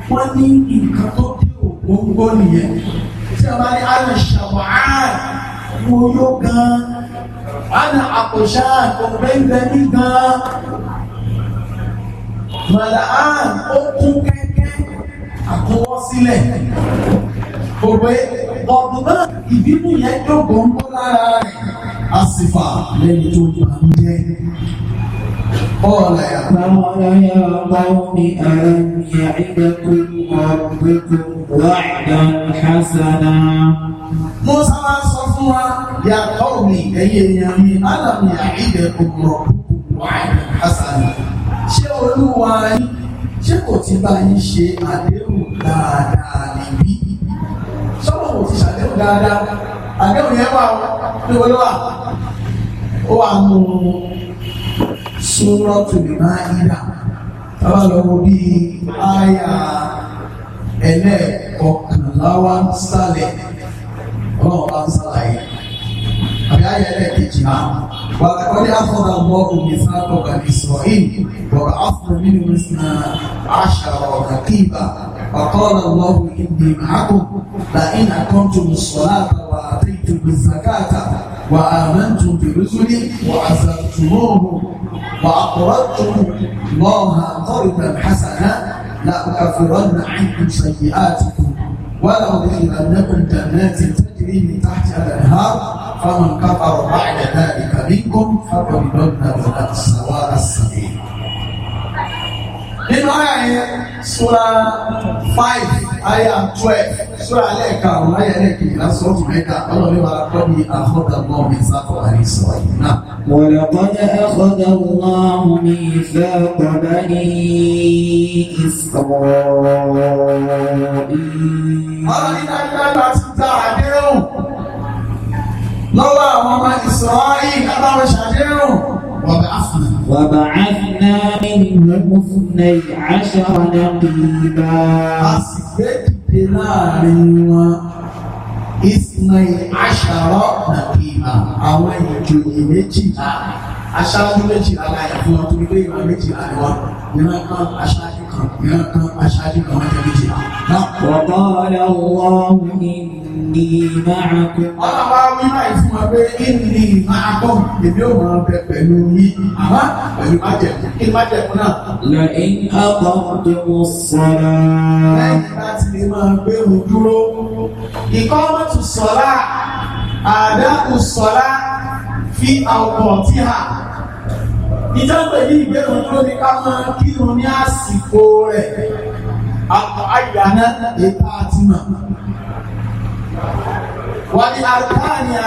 wọ́n ní nǹkan tó dé ògbóngbó nìyẹn tí a bá ní àmì ṣàwárí mo yó gan ana àkọ́ṣá ọ̀gbẹ́ngbẹ́ ní gan màlá ó kún kẹ́kẹ́ àkọwọ́sílẹ̀. Gbogbo ọ̀gbọ́n ìbínú yẹn jókòó ń bọ́ lára rẹ̀. Àsìfà lẹ́ni tó bá ń jẹ́. قال يا قوم ألم يعدكم ربكم وعدا حسنا موسى صفوة يا قوم أي يمين ألم يعدكم ربكم وعدا حسنا ṣé olúwa yín ṣé kò ti bá yín ṣe àdéhùn dáadáa ni sọ́wọ́ ò ti ṣàdéhùn dáadáa àdéhùn yẹn wà ní wọlé wà ó wà nù súnrọ́ tòlè máa ń yíra bàbá lọ́wọ́ bíi àyà ẹlẹ́ẹ̀kọkànláwá sálẹ̀ ọlọ́run bá ń sàlàyé àbí àyà ẹlẹ́ẹ̀kejì náà. ولقد أخذ الله ميثاق بني إسرائيل وبعثنا منهم اثنا عشر نقيبا فقال الله إني معكم لئن أقمتم الصلاة وآتيتم الزكاة وآمنتم برسلي وعزرتموه وأقرضتم الله قرضا حسنا لأكفرن عنكم سيئاتكم ولأدخلنكم جنات تجري من تحتها الأنهار فمن كفر بعد ذلك منكم فقد ضل السواء السبيل nínú àyà yẹn sura five àyà twelve sura alẹ́ karùn-ún àyà alẹ́ kejìlá sọ́ọ́ tún mẹ́ta ọlọ́run wa kọ́ ni àfọ́dà bọ́ mi sáfọ́ àrísọ́ yìí náà. ولقد أخذ الله ميثاق بني إسرائيل lọ́wọ́ àwọn ọmọ ìsọ̀rọ̀ yìí lábàwọn ṣàdéhùn wọ̀bẹ̀ àfààní. وبعثنا منهم اثني عشر نقيبا أصدقت لاريوا اثني عشر نقيبا àwọn ìjòyè méjìlá aṣáájú méjìlá láyé fún ọdún ilé ìwà méjìlá ni wọn ìran kan aṣáájú kan ìran kan aṣáájú kan wọn jẹ méjìlá. وقال الله إني معكم ọlọ́run wá wí báyìí fún wa pé ìnì màákọ́ èmi ò máa bẹ pẹ̀lú yí àmọ́ pẹ̀lú májẹ̀mú kí májẹ̀mú náà. lẹ́yìn akọ́kọ́ sọ́ra. lẹ́yìn láti lè máa gbé òun dúró ìkọ́ mọ́tò sọ́ra àdákù sọ́ra fi àwọ̀ tí a ìjọba yìí gbé òun dúró ní ká máa kírun ní àsìkò rẹ̀ àtọ̀ àyà náà ètò àti mà. wà ní àkáàníà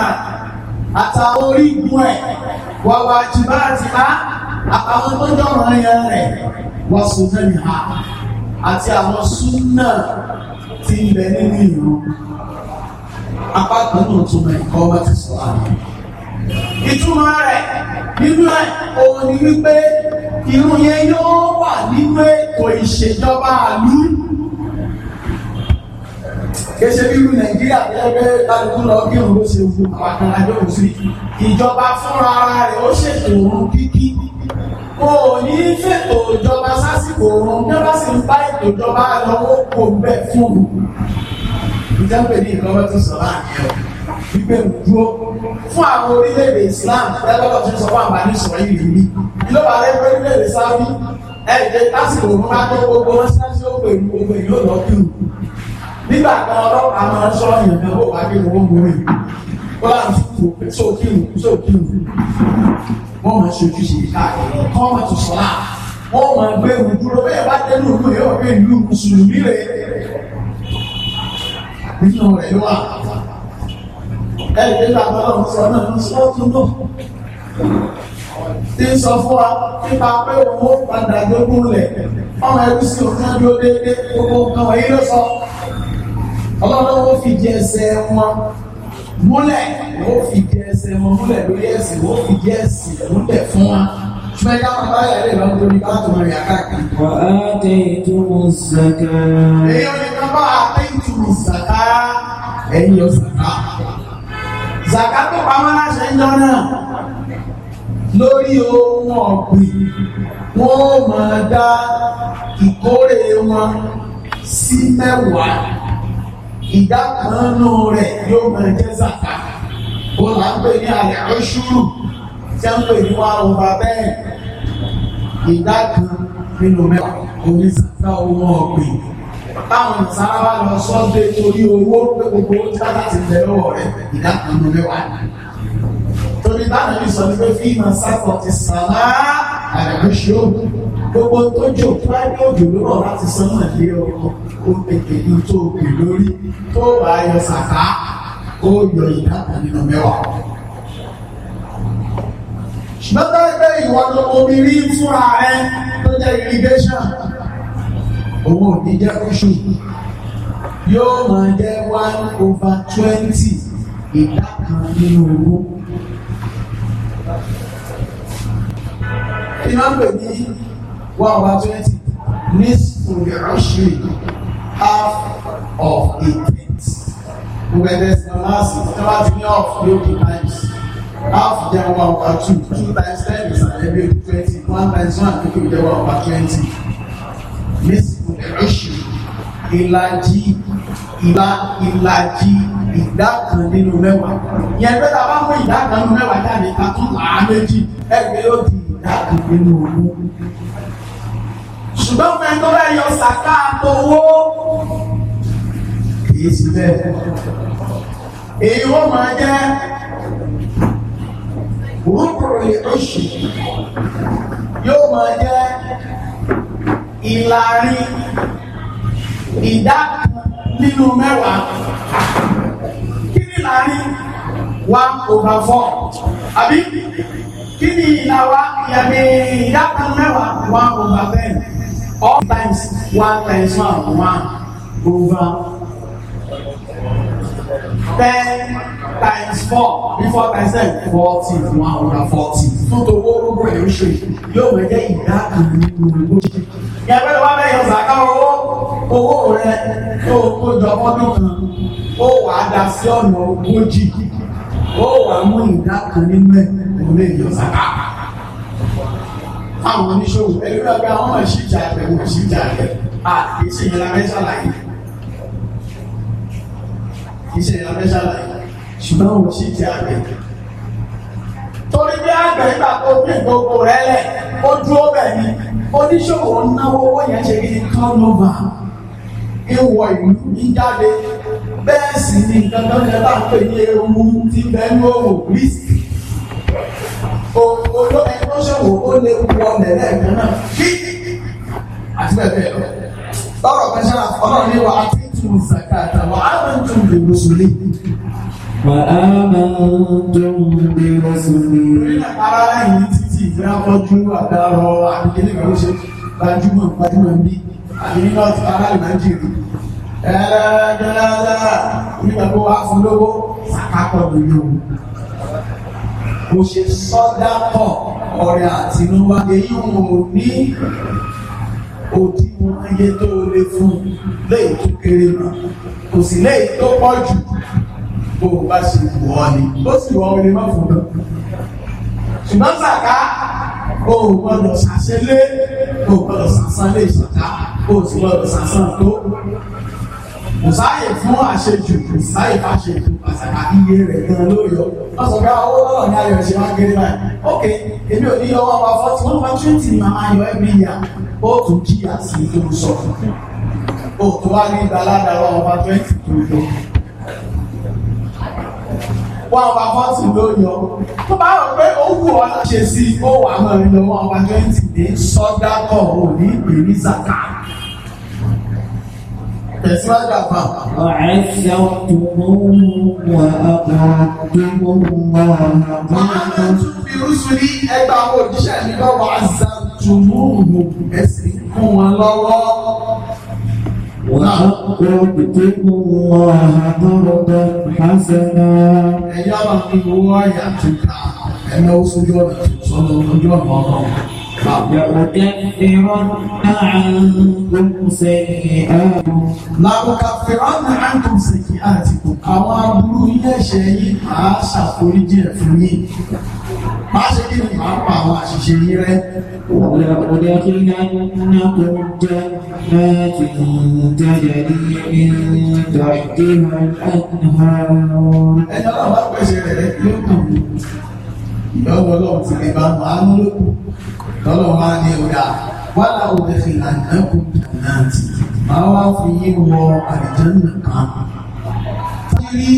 àtàwọn orí ìgbọ́n ẹ̀ wà wà jìbá àti á àtàwọn tó dọ̀rọ̀ yẹn rẹ̀ wà sọ̀tẹ́ ti ń bẹ nínú ìlú apá kan náà ti sọ̀rọ̀ àná ìtumọ̀ rẹ̀ nínú ẹ̀ òun ni wípé irun yẹn yóò wà nínú ètò ìṣèjọba àlú kéṣe bí irú nàìjíríà gẹ́gẹ́ lálùkù lọ kí òun ló ṣe wù àwọn àjọyọ̀ sí ìjọba fúnra rẹ̀ ó ṣètò òun kíkí kò ní fètò ìjọba sásìkò òun bí wọ́n sì ń bá ètò ìjọba lọ́wọ́ kò bẹ̀ fún un ìjọba ní ìkọ́wé tó sọ̀rọ̀ àjẹwò wípé ń dúró fún àwọn orílẹ̀-èdè Islam lẹ́gbọ́dọ̀ tí ó sọ fún àǹfààní sọ̀rọ̀ yìí rí ló wà lẹ́gbẹ́ orílẹ̀-èdè sáfí ẹ̀jẹ̀ lásìkò òun bá tó gbogbo wọn sáájú ó pè ní gbogbo èyí ó lọ kí o nígbà kan ọlọ́pàá máa ń sọ ìyàn náà ó wá kí wọ́n borí ó láti fò sókìrù sókìrù wọ́n máa ṣojú sí káàkiri kọ́ máa tún sọ́lá wọ́n máa gbé ìwé dúró bẹ́ẹ̀ bá tẹ́lú gbé ẹ̀rí pé bàbá ọ̀hún sọ náà ní sọ́ọ̀tù náà tí ń sọ fún wa nípa pé òun ó padà lógún lẹ̀ ọmọ ẹrú sí òun dúró déédéé gbogbo nǹkan wọ̀nyí ló sọ ọlọ́run ó fi jẹ ẹsẹ̀ wọn múlẹ̀ ó fi jẹ ẹsẹ̀ wọn múlẹ̀ lórí ẹ̀sìn ó fi jẹ ẹ̀sìn múlẹ̀ fún wa ṣùgbọ́n ẹ̀ka bàbá yà lè lọ́n torí bá tó rìn àkàkà. wà á dé ìtumọ̀ sàkà. èyí ò ní ká bá a dé ìtumọ̀ sàkà ẹ̀yìn ọ̀sàkà zakato pamọ́ láṣẹ ńjọ náà lórí ohun ọ̀gbìn wọ́n máa dá ìkórè wọn sí mẹ́wàá ìdá kan nù rẹ̀ yóò máa jẹ́ zaka wọn là ń pè ní àlẹ́ ọ̀ṣúrù tí wọ́n ń pè ní wa ọba bẹ́ẹ̀ ìdá kan nínú mẹ́wàá oníṣàkà ohun ọ̀gbìn táwọn nasara wa lọ sọ́dọ̀ torí owó pé gbogbo owó tí bàtà ti tẹ̀ lọ́wọ́ rẹ̀ ìdá kan ló mẹ́wàá ni. torí táwọn ẹbí sọ ní pé fi ìmọ̀ sáfọ̀ ti sàlá àrẹ̀mọ́sí ó gbogbo tó jò fúláìpé òjò ló rọ̀ láti sánmà lé ọkọ̀ ó tètè ní tó pè lórí tó bá yọ sàká ó yọ ìdá kan nínú mẹ́wàá ṣùgbọ́n táwọn ẹgbẹ́ ìwọ́n lọ omi rí fúnra rẹ̀ tó jẹ́ irrigation owó ní jẹ́ kóṣù yóò máa jẹ́ one over twenty ìdá kan nínú owó. kí máa ń pè ní one over twenty ní sùnwé ọ̀ṣì half of a tenth. Gbogbo ẹgbẹ́ sinamasi sinamasi ní off lókè times half jẹ́ one over two two times ten is an eleven twenty one times one lókè jẹ́ one over twenty nísìkò ìṣù ìlàjì ìlà ìlàjì ìdá kan nínú mẹ́wàá yẹn pé ta bá mú ìdá kan nínú mẹ́wàá jáde ká tún là méjì ẹgbẹ́ yóò di ìdá kan nínú ogún ṣùgbọ́n fẹ́ẹ́ tó bẹ́ẹ̀ yọ sàká àtọwó kìí sí bẹ́ẹ̀ èyí wọ́n máa jẹ́ rúkúrú ìrúṣì yóò máa jẹ́ ìlàrin ìdá nínú mẹ́wàá kí ni ìlàrin one over àbí kí ni ìlàwá ìyàgbé ìdá kan mẹ́wàá one over all times one times one one over ten times four before times ten forty one over forty. fún tòwó gbogbo ẹ̀ ń ṣe yóò wẹ̀ jẹ́ ìdá kan nínú ogójì yẹn pẹ́lú wá bẹ́ẹ̀ yọ sàká owó owó rẹ tó kó jọ ọdún kan ó wà á da sí ọ̀nà ogójì ó wà á mú ìdá kan nínú ẹ̀ kò lè yọ sàká fáwọn oníṣòwò ẹ̀rí rẹ̀ pé àwọn ọ̀ṣì ìjà rẹ̀ wọ̀ sí ìjà rẹ̀ àti ìṣèyàn lábẹ́ ṣàlàyé ìṣèyàn lábẹ́ ṣàlàyé ṣùgbọ́n wọ̀ sí ìjà rẹ̀ torí bí àgbẹ̀ ìgbà tó gbé gbogbo rẹ̀ lẹ̀ ó dúró bẹ̀ ni oníṣòwò náwó owó yẹn ṣe kí ni kánọ́bà ìwọ ìlú ní jáde bẹ́ẹ̀ sì ni dandan yẹn bá ń pè ní ewu ti bẹ́ẹ̀ ní òwò risk olóòwò oníṣòwò ó lè wọ lẹ́lẹ́ kan náà kí àti bẹ́ẹ̀ bẹ́ẹ̀ lọ. lọ́rọ̀ kan ṣáà ọlọ́run ní wa àti tún zakata wa á máa tún lè mùsùlùmí. Wa á máa tún lè mùsùlùmí. Ara yìí ti tí ìfẹ́ afọ́jú àdárọ̀ àbíkélé kan ṣe gbajúmọ̀ gbajúmọ̀ bí àbí nínú ará nàìjíríà ẹ̀ẹ́dẹ́gbẹ́lá onígbàgbọ́ wa fún lówó sàkápọ̀ lórí òun kò ṣe sọ́dápọ̀ ọ̀rẹ́ àtinúwá èyí wọn ò ní òdiwọ̀n iye tó lè fún léyìí tó kéré mọ́ kò sí léyìí tó pọ̀ jù bó o bá ṣe wọ́ ni ó sì wọ́n lè má fún náà ṣùgbọ́n sàká o gbọ́dọ̀ ṣàṣẹlé o gbọ́dọ̀ ṣàṣàlé ìṣọ̀ká o sì gbọ́dọ̀ ṣàṣàn tó kò sáàyè fún àṣejù kò sáàyè fún àṣejù àṣàkà iye rẹ̀ gan lóyọ wọ́n sọ pé ah, owó lọ́wọ́ ní ayọ̀ ṣe wá kéré báyìí ok èmi ò ní yọ wọn pa forty one point twenty ní màmá ayọ̀ ẹ̀mí ìyá ó tún jíyà sí i sọ ó tún wá ní ìgbàládà wọn pa twenty tó yọ wọ́n ọba fọ́ọ̀tì ló yọ tó bá rò pé ó wù ọ́ ṣe sí i ó wà mọ́ ẹni lọ́wọ́ ọba twenty ní sọ́dákọ̀ ò ní ìrírí zaka. Tẹ̀síwájú àpá. Ọ̀rẹ́ ṣe ọ̀tún mú wọn ọba tó mú wọn ọba. Màá lọ tún fi rúṣu ní ẹgbàá òjíṣẹ́ mi lọ́wọ́ àzàtúmù ẹ̀sìn kún wọn lọ́wọ́. وأقرضتم الله قرضا حسنا ẹ̀yà wà ní owó àyà tó ká ẹ̀nà oṣù jọ sọ̀rọ̀ ojú ọ̀nà ọ̀nà. لأكفرن عنكم سيئاتكم لأكفرن عنكم سيئاتكم àwọn aburú ilé ẹ̀ṣẹ̀ yìí máa máa ṣe kí ni máa pa àwọn àṣìṣe yìí rẹ. ọ̀lẹ́ ọ̀lẹ́ kí ní ọkọ̀ jẹ́ láti jáde ní ìdàgbé ọ̀hún. ẹni ọlọ́run bá pèsè rẹ̀ yóò kàn mí. ìyọ́wọ́ ọlọ́run ti lè bá máa ń lókun tọ́lọ́ máa ní ọ̀dà wàhálà òde fi àná kù náà ti máa wá fi yí wọ àlìjẹ́nà kan. Tí rí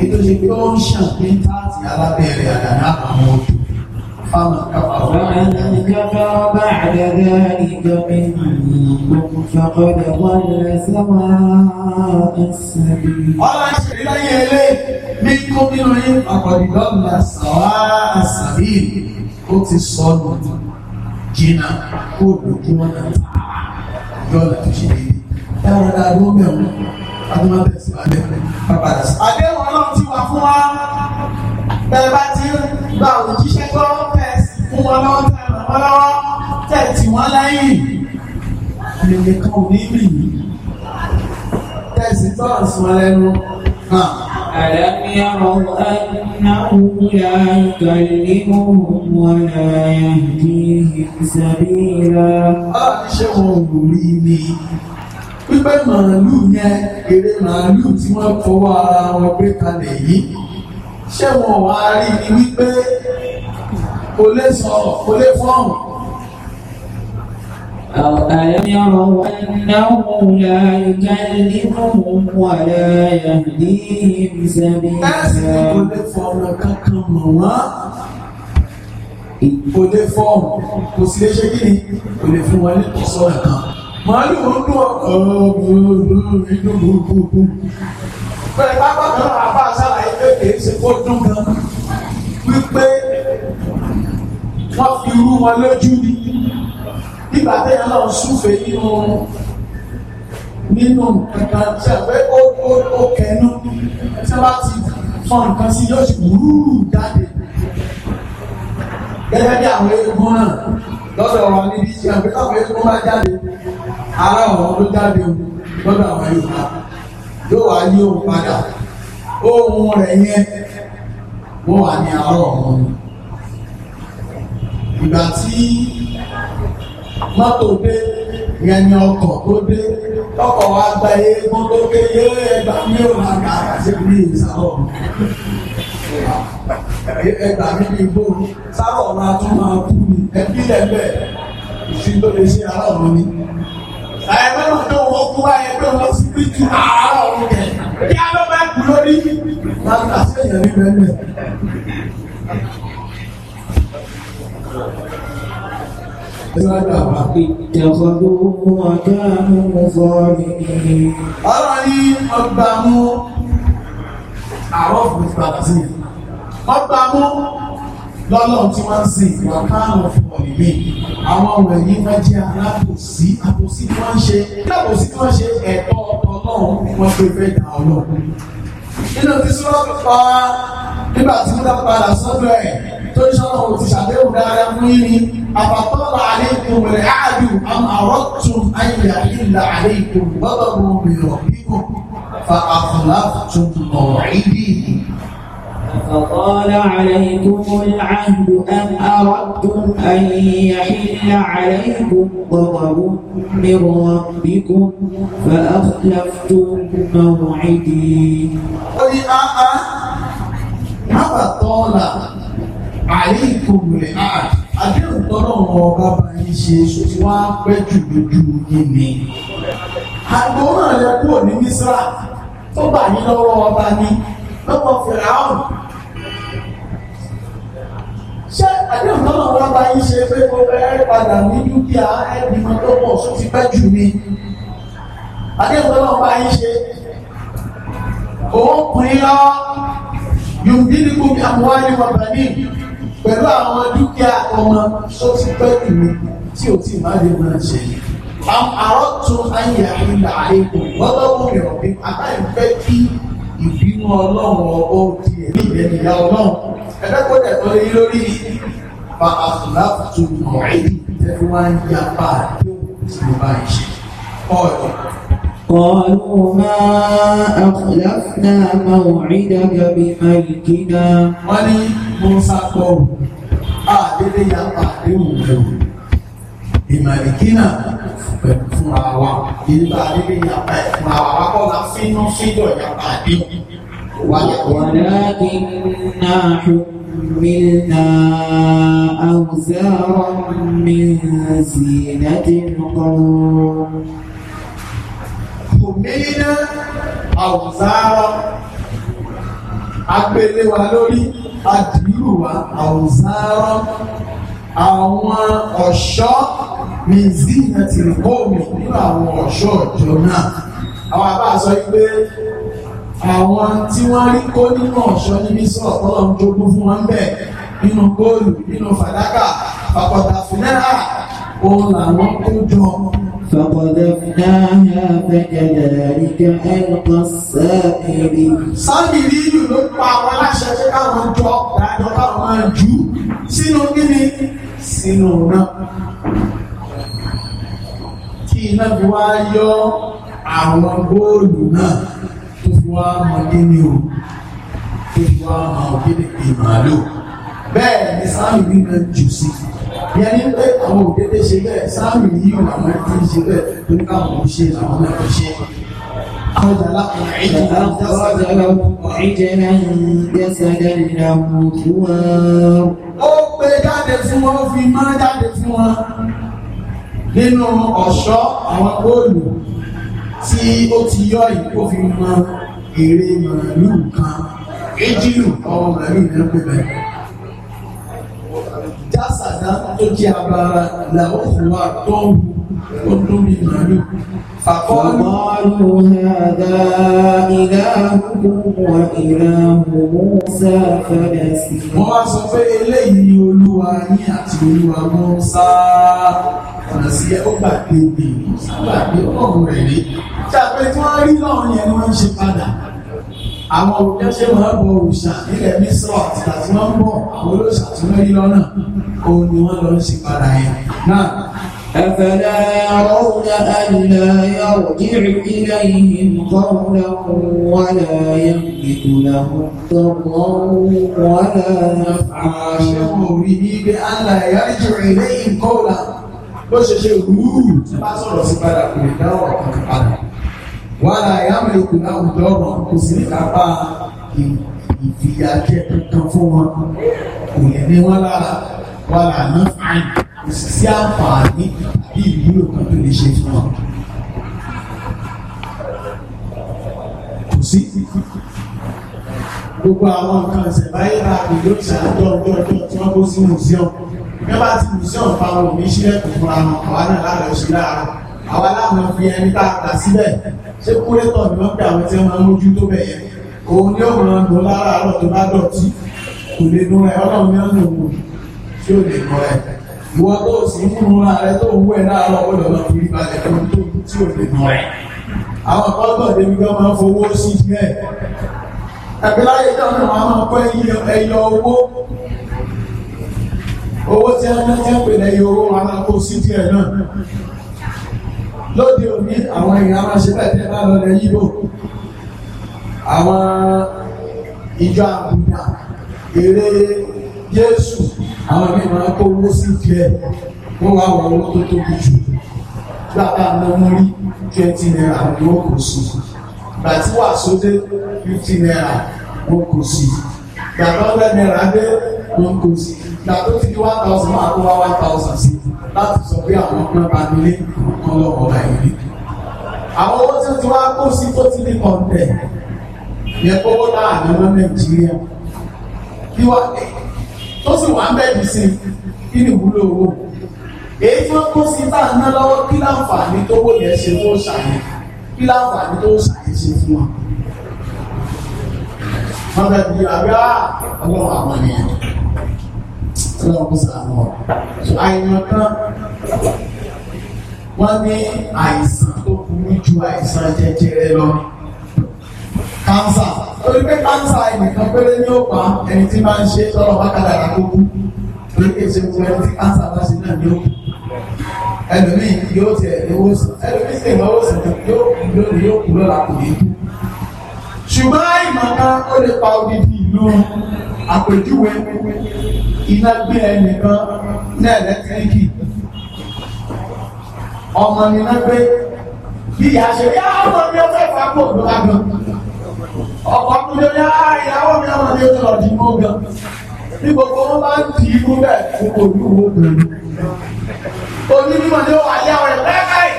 èyí tó ṣe pé ó ń ṣàpín táàtì alábẹ́rẹ́ àdàdà àwọn òbí. فمن كفر بعد ذلك منكم فقد ضل سواء السبيل ọlá ṣèlérí láyé ilé ní kó nínú yín àpàdìdọ́gba sàwá àsàbíl ó ti sọnù jìnnà kó lókun ọ̀nà yọ̀ọ̀nà tó ṣe déédéé dáradára ló mẹ́wọ̀n adúmọ̀tẹ̀sí adéhùn pápá dàsí. àdéhùn ọlọ́run ti wà fún wa bẹ́ẹ̀ bá ti ń gba òjíṣẹ́ gbọ́ kó wọn lọ́wọ́ tẹ̀ wọ́n lọ́wọ́ tẹ̀ tì wọ́n lẹ́yìn lèlè kan ò ní mì í tẹ̀sí tọ́lọ̀ sí wọn lẹ́nu. ألم يروا أنه لا يكلمهم ولا يهديهم سبيلا. Ọlọ́run ṣé wọn ò rí pípẹ́ màálù yẹn eré màálù tí wọ́n fọwọ́ ara wọn gbé kalẹ̀ yìí ṣé wọn wá rí ni wípé kò lè sọ̀rọ̀ kò lè fọ́ọ̀mù. أَوَلَمْ يَرَوْا أَنَّهُ لَا يُكَلِّمُهُمْ وَلَا يَهْدِيهِمْ سَبِيلًا Ẹ̀sìn kò lè fọ̀rọ̀ kankan mọ̀ wọ́n. Kò lè fọ̀rọ̀, kò sì lè ṣe kí ni, kò lè fún wọn ní ìsọ̀ ẹ̀kan. Màálù ń dùn ọ̀kọ̀ inú gbogbo. Bẹ́ẹ̀ bá bá kan àbá àṣàlàyé pé kì í ṣe kó dùn gan. Wípé wọ́n fi irú wọn lójú ni nígbà tí ẹ lọ́n súnfẹ́ nínú nínú nǹkan ṣe pé ó ó kẹnu tí wọ́n ti fọ nǹkan sí yóò ṣe wúrúrú jáde gẹ́gẹ́ bí àwọn eégún náà lọ́dọ̀ wa níbi ṣe àgbẹ̀ táwọn eégún bá jáde ara ọ̀rọ̀ ló jáde lọ́dọ̀ àwọn Yorùbá yóò wá yí òun padà ohun rẹ̀ yẹn wọ́n wà ní àárọ̀ ọ̀run ìgbà tí mọ́tò dé ìyẹn ni ọkọ̀ tó dé ọkọ̀ wa gba eégún tó ké yé ẹgbà mi ò máa kà á sí ní ìsàlọ̀ ẹgbà mi ní igbó sábọ̀ máa tún máa kú ni ẹbí lẹ́gbẹ̀ẹ́ ìfi tó lè ṣe ara ọ̀run ni. àyẹ̀wò náà tó wọ́n kú ayẹ pé wọ́n sì ju ara ọ̀run kẹ̀ kí á ló bá kú lórí. láti àṣeyàn ní bẹ́ẹ̀ bẹ́ẹ̀. Ìtẹ̀kọ̀dún ọ̀dáàmú fọ́ ní. Ọ̀rọ̀ ní ọgbà mú àrọ́ fún ìpàdé. Àwọn ọmọ ẹ̀yìn wọ́n jẹ́ alábòsí, àbòsí tí wọ́n ṣe, lábòsí tí wọ́n ṣe ẹ̀tọ́ ọlọ́run wọ́n tó fẹ́ dà ọlọ́run. Nínú tí Súrọ́ọ̀tù pa nígbà tí wọ́n dá padà sọ́dọ̀ ẹ̀. فانشره في شعبه لا يغنيني أفطال عليكم الرعاد أم أردتم أن يحل عليكم غضب من ربكم فأخلفتم موعدي فطال عليكم العهد أم أردتم أن يحل عليكم غضب من ربكم فأخلفتم موعدي قل ما آه، آه. فطال àyè ìkòlùlẹ̀ àti àdéhùn tọ́lọ̀ wọn ọba bá yín ṣe ṣe tí wọ́n á pẹ́ jù lójú yín ni. àgbo náà yẹ kúrò ní Mísírà tó gbà yín lọ́wọ́ ọba ní lọ́wọ́ Fìràhùn. ṣé àdéhùn tọ́lọ̀ wọn ọba yín ṣe pé mo fẹ́ padà ní dúkìá ẹ̀ẹ́dìmọ̀ tó pọ̀ sóò pẹ́ jù ni. àdéhùn tọ́lọ̀ wọn ọba yín ṣe òun pin lọ yòóbí ni kò bí àwọn wáyé wọn bẹ̀ ní pẹ̀lú àwọn dúkìá ọmọ tó ti pẹ́ ìlú tí ò tí má lè máa ṣe àrọ́tún ayé àìlà àìkò lọ́lọ́wọ́ ìrọ̀bí aláìfẹ́ kí ìbínú ọlọ́run ọgbọ́ ti ẹ̀mí ìrẹ́ni ìyá ọlọ́run ẹ̀dẹ́gbọ́dẹ̀ tó lé lórí fa àfùláfù tó mọ̀ ẹ́ ẹ̀fí wá ń yapa tó ti bá ìṣe ọ̀rọ̀ قالوا ما أخلفنا موعدك بملكنا ولي موسى قوم àdédé yà pàdé òun ìmàlìkínà fúnra wa ìgbà àdédé yà pàdé fúnra wa wákọ́lá fínú fídọ̀ yà pàdé ولكننا حملنا أوزارا من زينة القوم ìhòmínà àwùzárọ apẹlẹ wa lórí àdúrù wa àwùzárọ àwọn ọ̀ṣọ́ mìzínà ti kóòmì nínú àwọn ọ̀ṣọ́ ọ̀jọ́ náà àwọn àbá sọ pé àwọn tí wọ́n rí kó nínú ọ̀ṣọ́ níbi sọ̀rọ̀ tọ́lọ̀ ń jogún fún wọn bẹ́ẹ̀ nínú góòlù nínú fàdákà pàpọ̀tà fúnẹ́rà òun làwọn kó jọ فقذفناها فكذلك ألقى السامري Sámírì yìí ló pa àwọn aláṣẹ pé káwọn jọ dájọ́ káwọn máa jù sínú kíni sínú náà kí iná fi wá yọ àwọn góòlù náà tó fi wá mọ kíni o tó fi wá mọ kíni ìmàlú bẹ́ẹ̀ ni Sámírì náà jù sí i bí ẹni pé àwọn òkété ṣe bẹ́ẹ̀ sáàmì yìí wà máa ti ṣe bẹ́ẹ̀ torí káwọn ò ṣe làwọn náà fi ṣe. Ó gbé jáde fún wọn, ó fi máa jáde fún wọn nínú ọ̀ṣọ́ àwọn góòlù tí ó ti yọ ìkó fi mọ èrè màálù kan. Éjìlù ọmọ màálù náà pẹ̀lú jásàdá tó jẹ́ abara làwọn fi wá tọ́wù olórí màálù. فقالوا هذا إلهكم وإله موسى فنسي wọ́n wá sọ pé eléyìí ni olúwa yín àti olúwa Mùsá ọ̀nà sí ẹ ó gbàgbé gbè ó gbàgbé ọ̀rọ̀ rẹ̀ rí ṣàpètò àrí náà yẹn ni wọ́n ń ṣe padà àwọn olùdásẹ́ máa bọ òòṣà nílẹ̀ mísọ̀ àtìgbà tí wọ́n ń bọ̀ àwọn olóòṣà tí wọ́n yí lọ́nà òun ni wọ́n lọ sí padà yẹn náà. أفلا يرون ألا يرجع إليهم قولا ولا يملك لهم ضرا ولا نفعا شمره بألا يرجع إليهم قولا bó ṣe ṣe rúù tí bá sọ̀rọ̀ sí padà kò lè dáwọ̀ kan padà wàhálà ìyáàmì òkú náà òjò ọ̀rọ̀ kò sí ní kápá ìfìyàjẹ kankan fún wọn kò lè ní wọn lára wàhálà ní fàáyì kò sì sí àǹfààní bí ìwúlò kan tó lè ṣe fún wọn. kò sí gbogbo àwọn nǹkan ìṣẹ̀báyé bá a lè ṣàjọ ọjọ́ ọjọ́ tí wọ́n kó sí museum bí wọ́n bá ti museum pa wọn ò ní sílẹ̀ kò fúnra wọn àwa náà lára ẹ̀ sí lára àwa láwọn fi ẹni bá a gbà síbẹ̀ ṣé kúrẹ́tọ̀ ni wọ́n pè àwọn tí wọ́n mójú tó bẹ̀ yẹn òun ni ó ràn lọ lára àárọ̀ tó bá dọ̀tí kò lè nu ẹ ọlọ́run ní ọ̀nà òwò tí ò lè nu ẹ ìwọ tó o sì ń fún un ààrẹ tó ń wú ẹ láàárọ̀ ó lọ lọ fi balẹ̀ tó tó tí ò lè nu ẹ àwọn kan bọ̀ débi gan máa ń fowó sí bẹ́ẹ̀ ẹ̀bí láyé náà ni wọ́n máa kọ́ ẹyọ owó owó tí wọ́n ti ń pè lẹ́yìn owó wọn á kó sí díẹ̀ náà lóde òní àwọn èèyàn máa ṣe bẹ́ẹ̀ tẹ́ bá lọ lẹ yíbò àwọn ìjọ àbùdá eré Jésù àwọn míì máa kó owó sí jẹ wọn wá wọ owó tó tóbi jù bàbá àmọ́ rí twenty naira ni wọn kò sí ìgbà tí wàá sóde fifty naira wọn kò sí ìgbà tó fẹ́ naira dé wọn kò sí ìgbà tó ti di one thousand máa kó wá one thousand sí láti sọ pé àwọn ọmọ bá nílé kan lọ́wọ́ bá ìlú. àwọn owó tó ti wá kó sí tó ti ní kọ̀ǹtẹ̀ yẹ kówó láàrin ọmọ nàìjíríà kí wá eh, tó sì wá ń bẹ̀rù sí kí ni ìwúlò owó èyí tí wọ́n kó sí tá a ná lọ́wọ́ kí láǹfààní tó wò yẹn ṣe fún ṣàyẹn kí láǹfààní tó ṣàyẹn ṣe fún wa. wọ́n bẹ̀rù yìí àbí ọlọ́run àwọn ènìyàn sílẹ̀ ọ̀hún sàánú ọ̀. àìyàn kan wọ́n ní àìsàn tó burú ju àìsàn jẹjẹrẹ lọ kánsà torí pé kánsà ẹnìkan péré ní ó pa ẹni tí máa ń ṣe tọ́lọ̀ wákàtà àkókò torí pé ṣe gbogbo ẹni tí kánsà bá ṣe náà ní ó kù ẹlòmíì yóò tiẹ̀ lówó sàn ẹlòmíì sì lówó sàn yóò kú yóò kú lọ́la kò ní ṣùgbọ́n àìmọ̀ ó lè pa odidi ìlú àpèjúwe iná gbé ẹnìkan ní ẹ̀lẹ́tíríkì ọmọ nínú gbé bí ìyá ṣe yá ọmọ mi ọjọ́ ìfapò òdò lágbọn ọkọ̀ tó lè yá ìyàwó mi ọmọ mi ọjọ́ ọdún mọ́ gan bí gbogbo wọn bá ń tì í mú bẹ́ẹ̀ fún olúwo obìnrin onímọ̀ ni ó wà yá rẹ̀ lẹ́gbẹ̀ẹ́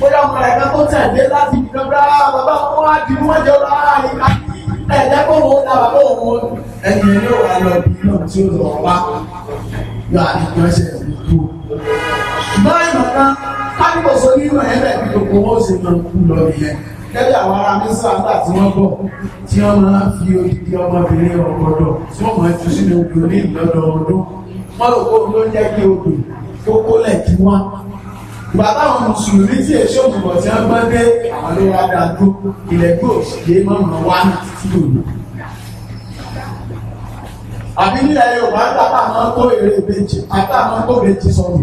bóyá ọmọ rẹ̀ kan tó tẹ̀lé láti ìjọba bàbá wọn á di mú ẹ̀jọ̀ rárá ìgbà yìí ẹ̀jẹ̀ kó wo dábàá kó wo ẹ̀yìn ni ó wà lọ bí náà tí ó lọ wá yọ àdìgbò ẹsẹ̀ ìlú. ṣùgbọ́n ìmọ̀ kan kájúkọ̀ sọ ní ìmọ̀ ẹ̀rẹ̀ bí gbogbo wọn ṣe lọ kú lọ nìyẹn. Gẹ́gẹ́ àwọn ará Mísà nígbà tí wọ́n bọ̀ tí wọ́n máa fi odidi ọmọbìnrin ọ̀gọ́dọ̀ tí wọ́n máa tún sínú odò ní ìlọ́dọọdún. Wọ́n lò kó ló ń jẹ́ kí odò kókó lẹ̀ kí wọ́n bàbá àwọn mùsùlùmí tí èso òmùmọ̀ tí wọ́n gbọ́n dé àwọn ló wá dáa tó ilẹ̀ gbò ṣe mọ́mọ́ wá ní títí òní. àbí nílẹ̀ Yorùbá tábà máa ń kó èrè ìbejì àtà máa ń kó ìbejì sọ̀rọ̀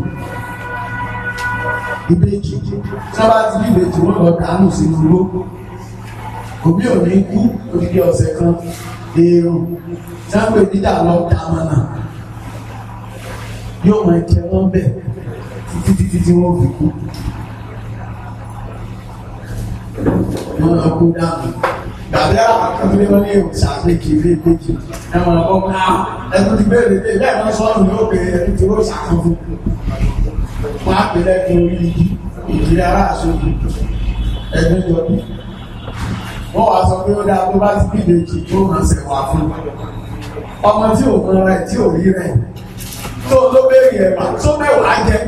ìbejì tí wọ́n bá ti bí ìbejì wọ́n lọ dànù sí ìdúró òbí ò ní kú odidi ọ̀sẹ̀ kan èèrùn tí wọ́n pè nídà lọ dàmọ́nà yóò máa jẹ wọ́n bẹ́ẹ̀ titi títí wọ́n fi kú. Wọ́n lọ kó dáàbò. Tàbí àwọn akẹ́kọ̀ọ́ wọn ní òòsà péjì ilé péjì. Ẹ mọ̀ lọ́kọ́ ká ẹnu ti béèrè pé bẹ́ẹ̀ máa sọ́nù ní òkè ẹni tí ó ṣàkóso. Wọ́n á pè lẹ́kọ̀ọ́ orí igi ìdílé ará àṣojú ẹgbẹ́ jọ bí. Wọ́n wá sọ pé ó dáa tó bá ti bí ìbejì tó hàn sẹ̀wà fún. Ọmọ tí ò mọ rẹ̀ tí ò rí rẹ̀ tó ló béèrè ẹ̀ máa tó mẹ́wàá jẹ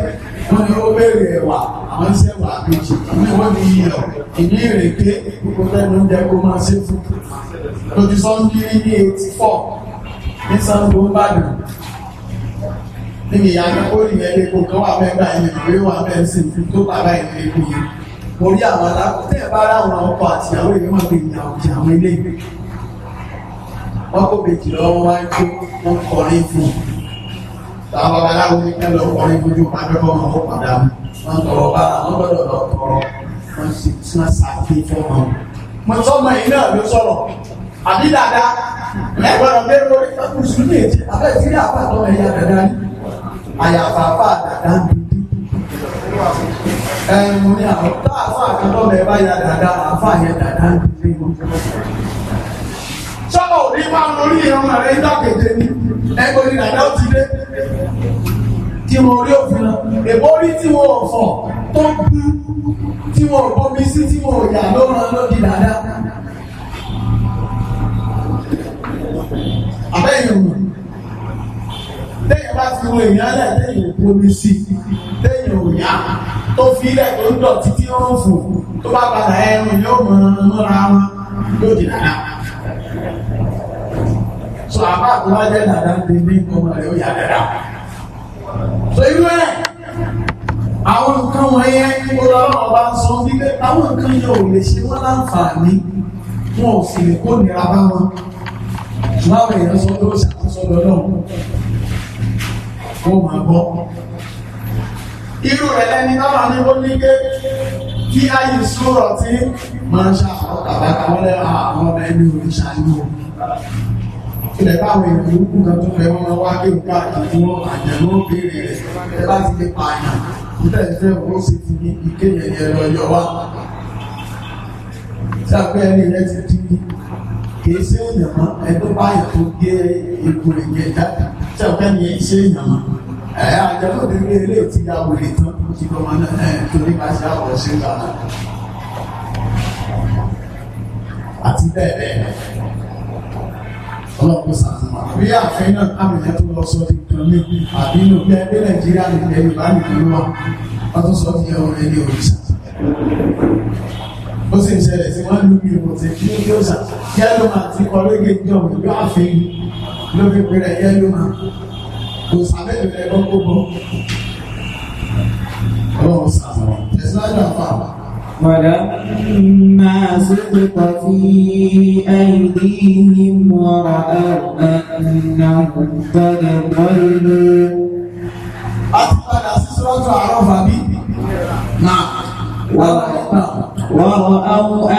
wọ́n ní ó béèrè ẹ̀wà àwọn iṣẹ́ wà kejì ní wọ́n ní iyọ̀ ìní ìrèké gbogbo tẹ́nu ń jẹ́ kó máa ṣe fún lójú sọ́ńkiri ní eighty four ní sango ìbàdàn níbi ìyàgbẹ́ kó ìyẹn lè kó kán wà mẹ́gbà ẹ̀yìn ìwé wà mẹ́rin sí ìfi tó bàbá ìwé kú yẹn mo rí àwọn alákọ̀tẹ́ bá ráwọn ọkọ̀ àtìyàwó ìwé wọn gbé ìyàwó jẹ àwọn ilé ìwé wọn kó bèjì lọ́wọ́ wáyé kó wọn kọrin fún un táwọn babaláwo ní kẹlẹ ọkùnrin fojú pàdánù ọmọ ọkọ pàdánù wọn tọrọ bá wọn gbọ́dọ̀ lọ tọrọ wọn sì tún àṣàfihàn fọmọ. mo sọ ọmọ yìí náà ló sọ̀rọ̀ àbí dáadáa ẹgbẹ̀rún bẹ́ẹ̀ lórí fẹkùn sùn lè jẹ abẹ tí ní àpàtọ ẹyà dáadáa ni àyàfà àpá dáadáa ń dúdú. ẹ mo ní àwọn tá àfa àkàtọ bẹ́ẹ̀ bá yà dáadáa àfa yẹn dáadáa ń dúdú. sọ́kọ̀ òní máa ń lórí ìran rẹ̀ ń dàgbèjẹ ni ẹgbẹ́ ní dàdá ó ti dé tí wọn orí òfin náà èbó rí tí wọn ò fọ̀ tó kú tí wọn ò bómi sí tí wọn ò yà ló ràn ló di dàdá. àbẹ́yẹ̀ wò téèyàn bá ti wo èèyàn lẹ̀ téèyàn ò bómi sí téèyàn ò yá tó fi ilẹ̀ tó ń dọ̀tí tí ó ń fò tó bá padà ẹrù yóò mọ̀ ọ́n mọ́ra wọn yóò di dàdá so àbá àkùnrin ajẹ́ dàda ń tẹ̀lé ọmọ rẹ̀ ó yà dàda so irú ẹ̀ àwọn nǹkan wọ̀nyẹ olùrànlọ́wọ́ bá ń sọ wípé àwọn nǹkan yẹn ò lè ṣe wọ́n láǹfààní wọn ò sì lè kó nira bá wọn ṣùgbọ́n àwọn èèyàn sọ pé ó ṣàkóso lọ́dọ̀ wọn ò máa gbọ́ irú rẹ̀ lẹ́ni náà ní ó ní pé kí ayé sọ̀rọ̀ tí máa ń ṣàkóso tàbí àwọn ọmọ ẹni òrìṣà ní o ilẹ̀ báwọn èdè òkú kan tó rẹ wọn lọ wá pé òkú àjẹmọ́ àjẹmọ́ béèrè rẹ̀ ẹ bá ti lè pa àyàn nígbà tí fẹ́ wọ́n sì ti ní ike yẹn yẹn lọ yọ wá. sábẹ́ ẹni rẹ ti di ní kìí ṣe èèyàn mọ́ ẹgbẹ́ báyìí tó gé egbò ìyẹn jáde sábẹ́ ẹni yẹn ṣe èèyàn mọ́ ẹ àjẹmọ́ bèbè ilé ti ya wèrè tán ti lọ́ náà ẹ torí bá ṣe àwọ̀ ṣe ń àti bẹ́ẹ̀ bẹ́ẹ̀ ọlọ́pọ̀ sàánú àbí àfẹ́ náà àmìyàn tó lọ sọ di kan ní àbí inú bí ẹgbẹ́ nàìjíríà lè jẹ́ yorùbá nìkan lọ wọ́n tó sọ di ẹwọn ẹni òrìṣà ó sì ń ṣẹlẹ̀ sí wọ́n lú mi ò tẹ̀ kí ní òrìṣà yẹ́lò máa ti kọ́ lóge jọ ìlú àfẹ́ ló fi pè rẹ̀ yẹ́lò máa kò sábẹ́ ìfẹ́ gbọ́ngbọ́n ọlọ́run sàánú tẹ̀síwájú àfàwà. ولما سقط في أيديهم ورأوا أنهم قد ضلوا أخبر سورة أعراف أبي نعم ورأوا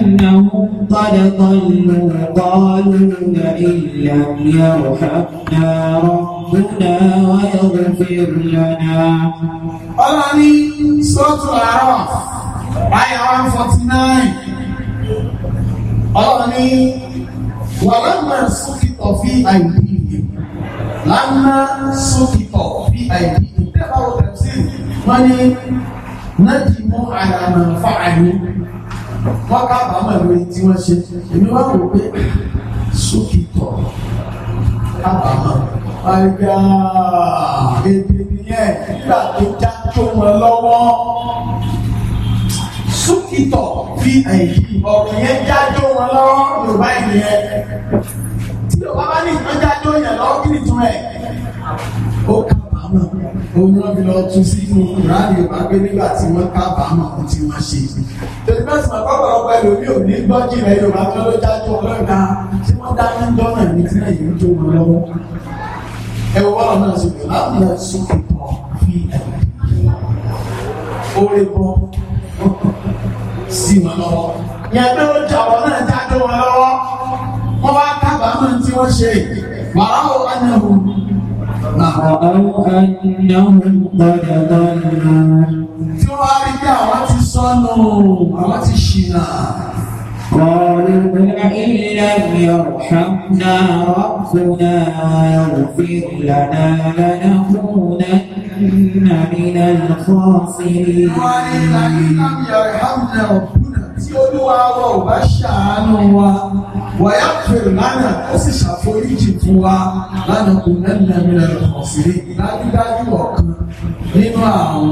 أنهم قد ضلوا قالوا لئن لم يرحمنا ربنا ويغفر لنا. قال سورة الأعراف Ayà forty nine, ní wàlámà sókìtọ̀ fi VIP, yìí. Lámà VIP. fi àìbí yìí. Bẹ́ẹ̀ bá wọ tẹ̀sí, wọ́n ní náàjì mú àyàmà fáàyè. Wọ́n kábàámọ̀ lórí tí wọ́n ṣe. Èmi wá wò pé sókìtọ̀ kábàámọ̀. Àgbà èdè nìyẹn nígbà tó já tó wọn lọ́wọ́ súkìtọ̀ fi ẹ̀yí ọ̀rọ̀ yẹn jájó wọn lọ́wọ́ yorùbá ìyẹn tí yorùbá bá ní ìpín jájó yẹn lọ́wọ́ kí ni tún ẹ̀ ó kábàámọ̀ òun wọn fi lọ tún sí inú ìráàlì yorùbá pé nígbà tí wọ́n kábàámọ̀ ohun tí wọ́n ṣe. tèmi mẹ́sàn án kọ́kọ́ ọgbà ẹlòmíì ò ní gbọ́ jìnnà yorùbá tó ló jájó ọlọ́ọ̀dà tí wọ́n dá ní dọ́nà ní sí wọn lọ́wọ́ yẹn pé ó jà ọ̀rọ̀ náà já dé wọn lọ́wọ́ wọ́n bá kábàámọ̀ tí wọ́n ṣe wàá ó ànáwó. Àwọn ànáwó gbọ́dọ̀ lọ́nà. Tí wọ́n á rí pé àwọn ti sọnù, àwọn ti ṣìnà. قالوا لئن لم يرحمنا ربنا ويغفر لنا لنكونن من الخاسرين قال لئن لم يرحمنا ربنا tí olúwa wa ò bá ṣàánú wa wàyà fèrè lánàá ó sì ṣàforíjì fún wa lánàá kò nẹ́nìyàn mi lẹ́nu ọ̀sìn dájúdájú ọ̀kan nínú àwọn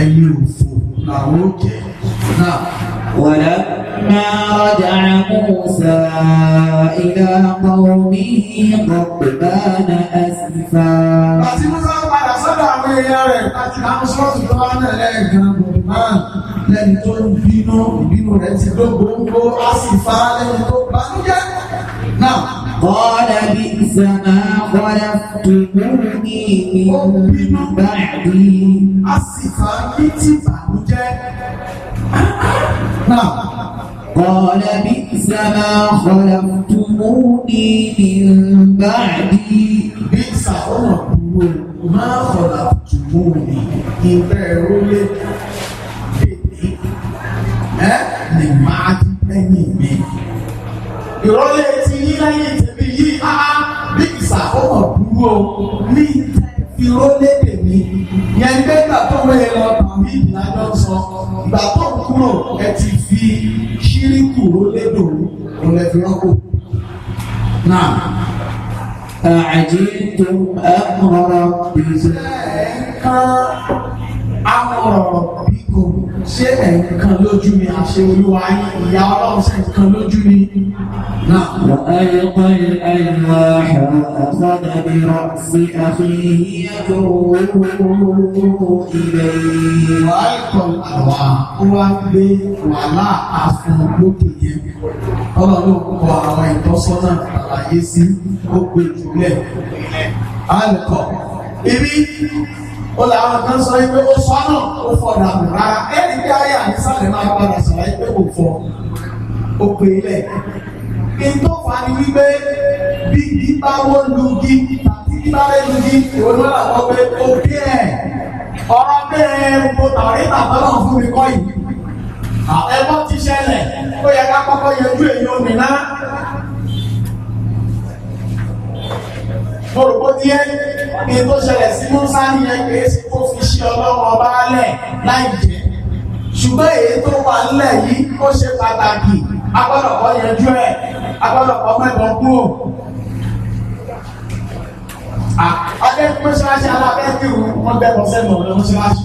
ẹni òfò làwọn ó jẹ náà. wàlá máa rọjà Musa tó ń bínú ìbínú rẹ̀ ti dógbòǹgbò àsìfà lẹ́ni tó bá ń jẹ́ náà. قال بئس ما خلفتموني من بعدي قال بئس ما خلفتموني من بعدي بئس ما خلفتموني من بعدي ẹ yín láyé tèmi yìí á bí ìsàkómọ̀ dúró ní ìrólẹ́dẹ̀ mi yẹn gbé ìgbà tó wẹ̀ lọ tàbí ìdájọ́ sọ ìgbà tó kúrò ẹ ti fi ṣíríkù rólédò ìrẹ̀fì rọ́pò. náà àjíǹtò ẹ̀kọ́ rọ̀ bìí amọ̀rọ̀ bíkò ṣé ẹ̀ǹkan lójú mi àṣẹ olúwa ìyá ọlọ́run ṣe ẹ̀ǹkan lójú mi náà. وألقى الألواح وأخذ برأس أخيه يدعوه إليه. وألقى الألواح wá gbé wàhálà àfún lókè yẹn ọlọ́run kọ àwọn ìtọ́sọ́nà àlàyé sí ó gbé jùlẹ̀. alùpùpù ibi ó làwọn kan sọ pé ó sọ náà ó fọ dàbí rárá ẹni bí ayé ànísàlẹ̀ máa padà sọ̀rọ̀ pé kò fọ ó pè lẹ̀. kí n tó fa ni wípé bí bíbá wó lugi tàbí bíbá lé lugi ìwọ́n náà lọ pé ó bí ẹ̀ ọ̀rọ̀ bẹ́ẹ̀ mo tàrí bàbá náà fún mi kọ́ yìí. ẹ̀kọ́ ti ṣẹlẹ̀ ó yẹ ká kọ́kọ́ yẹjú èyí omi náà. mo rò bó díẹ̀ ní tó ṣẹlẹ̀ sí musa nìyẹn kìí ṣe kó fi ṣe ọlọ́run ọba lẹ̀ láì jẹ́ ṣùgbọ́n èyí tó wà nílẹ̀ yìí ó ṣe pàtàkì agbọ́dọ̀kọ́ yanjú ẹ̀ agbọ́dọ̀kọ́ mẹ́gbọ́n kúrò. Adé mọ́ṣáláṣí alábẹ́kì wọn bẹ̀rù sẹ́nu ọ̀rẹ́ mọ́ṣáláṣí.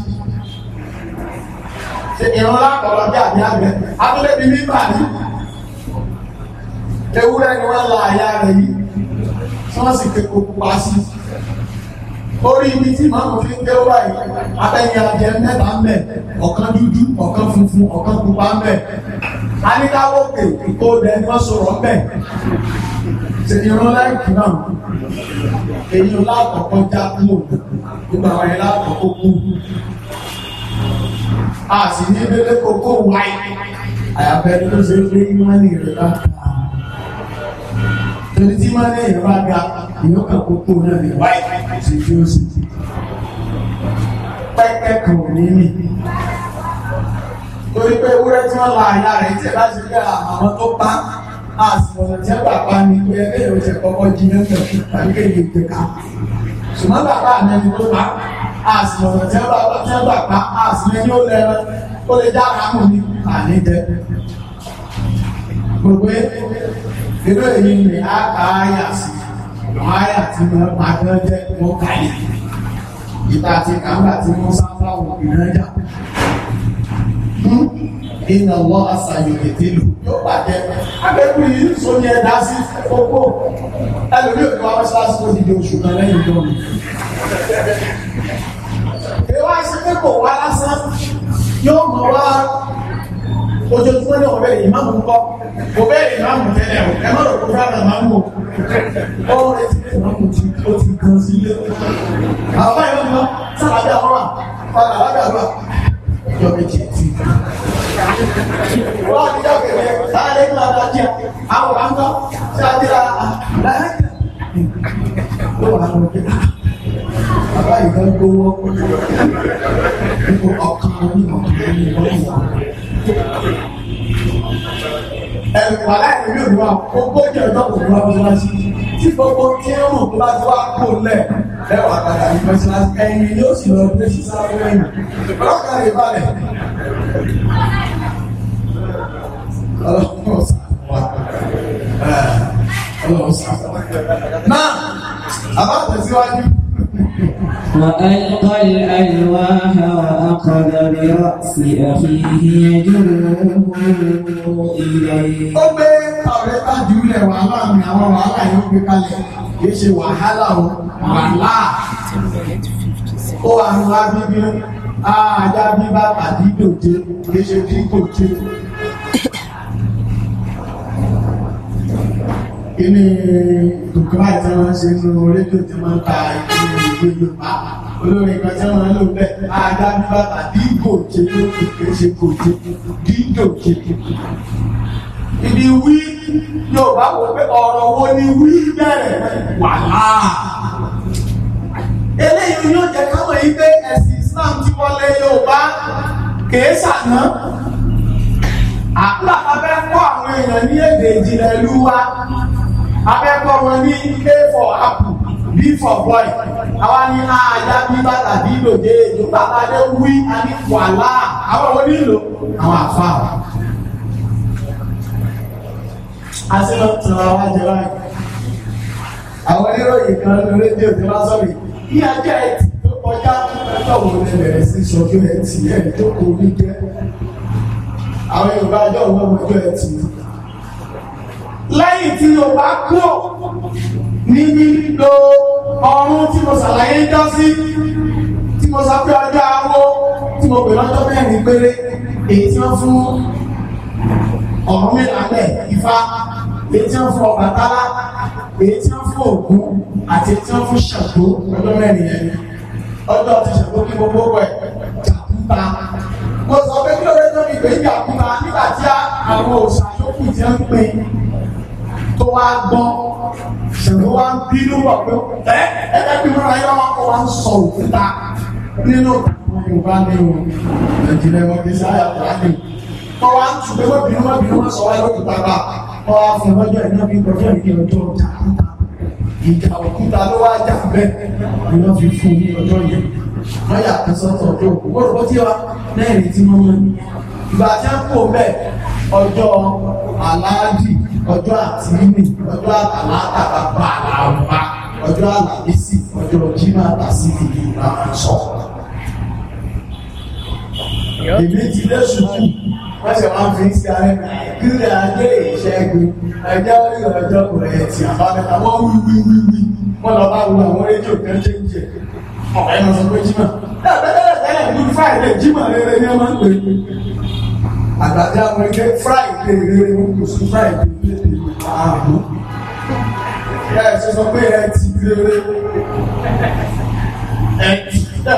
Ṣé ìran lápọ̀lọ́ bí àbí àgbẹ̀? Abúlé bíi bíbà ni. Ewúrẹ́ ni wọ́n la àyà rẹ̀ yìí ṣọ́ọ̀ṣì kéko pa sí orí ibi tí màmú fi ń gbé wá yìí abẹ́yẹ abẹ́ mẹ́ta mẹ́ ọ̀kan dúdú ọ̀kan funfun ọ̀kan pupa mẹ́ aníkàwọ́ pè kó dẹni wọ́n sọ̀rọ̀ mẹ́ ìran láìpẹ́ náà èyí láàkọ́kọ́ já kúrò nígbà wọn yẹn láàkọ́kọ́ kú a sì ní ebele kókó wáyé àyàfẹ́ tó ṣe é gbé ìmọ̀ nìyẹn láàkọ́ máa ní ìyẹn bá ga ìyẹn kàn kó kó náà ní wáyé ṣe fi ó sì ti pẹ́pẹ́ kan ò ní mì torí pé ewúrẹ́ tí wọ́n la àyà rẹ̀ tí ẹ bá àwọn tó pa á sì ọ̀nà tí ẹ gbà pa ni pé ẹgbẹ́ yóò ṣe kọ́kọ́ jí ní ọ̀sẹ̀ tàbí kéde ìgbé ká ṣùgbọ́n bàbá mi ni tó pa á sì ọ̀nà tí ẹ gbà pa tí ẹ gbà pa á sì ní yóò lẹ́rọ ó lè dá ara mọ̀ ní nínú èyí ni a kà áyà sí àwọn áyà tí wọ́n pa náà jẹ́ wọ́n kàyà ìta àti kàńgbà tí wọ́n sá fáwọn ìrìnàjà iná lọ àṣàyàn ètè lò yóò pàdé abẹ́kù yìí ń so ní ẹ̀dá sí gbogbo ẹlòmí òkú wa wọ́n ṣáà sọ ìdí oṣù kan lẹ́yìn ìjọ mi. èèwọ̀ àìsàn pé wá lásán yóò mọ̀ wá ojoojúmọ́ ní ọ̀bẹ yìí máàmù kọ́ ọ̀bẹ yìí máàmù tẹ́lẹ̀ o ẹ má lọ kó fúlànà máàmù o ọ̀rọ̀ etí tẹ̀ máàmù ti ó ti gan sí ilé àwọn báyìí wọn mọ sábàbí àkọ́rà padà ládàgbà yọ méjì ti. wọ́n á ti dábẹ̀ rẹ̀ sáyẹn nínú adájí àwọn àǹkọ́ sáájú ra láyé. lọ́wọ́ àwọn ọ̀gá bàbá yìí kan gbowó ọkọ̀ ọkọ̀ ọ̀kan onímọ̀ ọ̀kan onímọ̀ ọ̀kan ẹ̀rù wàhálà ìlú ìlú wa ogójì ọjọ́ kò ní wá mọ́ṣáláṣí tí gbogbo tí ń rùn tó bá ti wá kó lẹ̀ lẹ́wàá padà ní mọ́ṣáláṣí ẹ̀yìn ni ó sì lọ pé sísá lẹ́yìn lọ́kàn lè balẹ̀. ọlọ́run ọ̀sán wà ọlọ́run ọ̀sán. náà àbá tẹ̀síwájú. وألقى الألواح وأخذ برأس أخيه يجره إليه. ó gbé ọ̀rẹ́ tájú lẹ̀ wàhálà mi àwọn wàhálà yóò gbé kalẹ̀ kì í ṣe wàhálà o wàhálà. ó kíní dùkúrà tí wọ́n ṣe ń lo rédíò tí wọ́n ta ìlú ìlú Yorùbá olórin kan tí wọ́n lò bẹ́ẹ̀ adájú bàbá dígòjé ló fi ké ṣe gòjé dídòjé. Ibi wí Yorùbá wò pé ọ̀rọ̀ wo ni wí bẹ̀rẹ̀ wàhálà. Eléyìí yóò jẹ́ káwọn yìí pé ẹ̀sìn Islam ti wọlé Yorùbá kèé sàná àpá abẹ́ kọ́ àwọn èèyàn ní èdè ìjìnlẹ̀ ìlú wa abẹ́kọ̀ wọn ní a for apple b for boy àwa ní ajá bí bàtà bí lòdè nígbà tá a lè wí a ní wàhálà àwọn wo nílò àwọn àfa. asínà tẹ̀lé àwọn àjẹrà yìí àwọn oníròyìn kan ní rédíò tí wọ́n sọ̀rọ̀ yìí ajá ẹ̀ tì tó kọjá ẹjọ́ wo ni bẹ̀rẹ̀ sí sọ fún ẹ̀ tì ẹ̀ tó kò ní jẹ́ àwọn Yorùbá ajọ́ wọn mọ̀ ẹjọ́ ẹ̀ tì lẹ́yìn tí o bá kúrò níbi lo ọrún tí mo ṣàlàyé jọ sí tí mo sọ pé ọjọ́ awó tí mo pè lọ́jọ́ mẹ́rin péré èyí tí wọ́n fún ọ̀rún mẹ́lẹ̀ Ifá èyí tí wọ́n fún Ọbàtálá èyí tí wọ́n fún Ògún àti èyí tí wọ́n fún Ṣàngó ọjọ́ mẹ́rin yẹn ọjọ́ ti Ṣàngó kí gbogbo ẹ̀ jàkúta mo sọ pé kí lóore tó ní pé jàkúta nígbà tí àwọn òṣà yókù ń pin tó wá gbọ́n ṣẹ̀fọ́ wá ń bínú bọ̀ pé ẹ ẹgbẹ́ bí wọ́n ayé wọn kó wá ń sọ òkúta nínú ìgbà yorùbá ní o nàìjíríà wọn kì í sáyà kúránì tó wá ń tún pé wọ́n bínú wọ́n bínú wọ́n sọ wáyé òkúta bá wọ́n wá fún ọjọ́ ìná bí ọjọ́ ìdí ọjọ́ ọjà ìjà òkúta ló wá jà bẹ́ẹ̀ ni wọ́n fi fún ní ọjọ́ yẹn wọ́n yà kí sọ́tọ̀ ọjọ́ ọjọ́ àtìmí ọjọ́ àtàlátà bàbá àlàbà ọjọ́ àlàbísì ọjọ́ jimá tàṣí ìlú ìlànà sọ. èmi ti lé sùkú wọ́n sì máa ń fi ara ẹ̀ kílẹ̀ ajé ìṣẹ́gun ẹjọ́ orí ọjọ́ rẹ̀ ti àbámẹ́ta wọ́n wí wí wí wí wọ́n lọ bá wo àwọn rédíò kan jẹ́ jẹ́ ọ̀rẹ́ lọ sọ pé jimá. dáadáa tẹ́lẹ̀ tẹ́lẹ̀ ní fáìlì jimá rere ni wọ́n máa ń pè é àgbàdo àwọn ẹgbẹ́ friday rẹ ló kò sí friday rẹ ààrùn ẹ ẹ ṣe sọ pé ẹ ti rere ẹ ti tó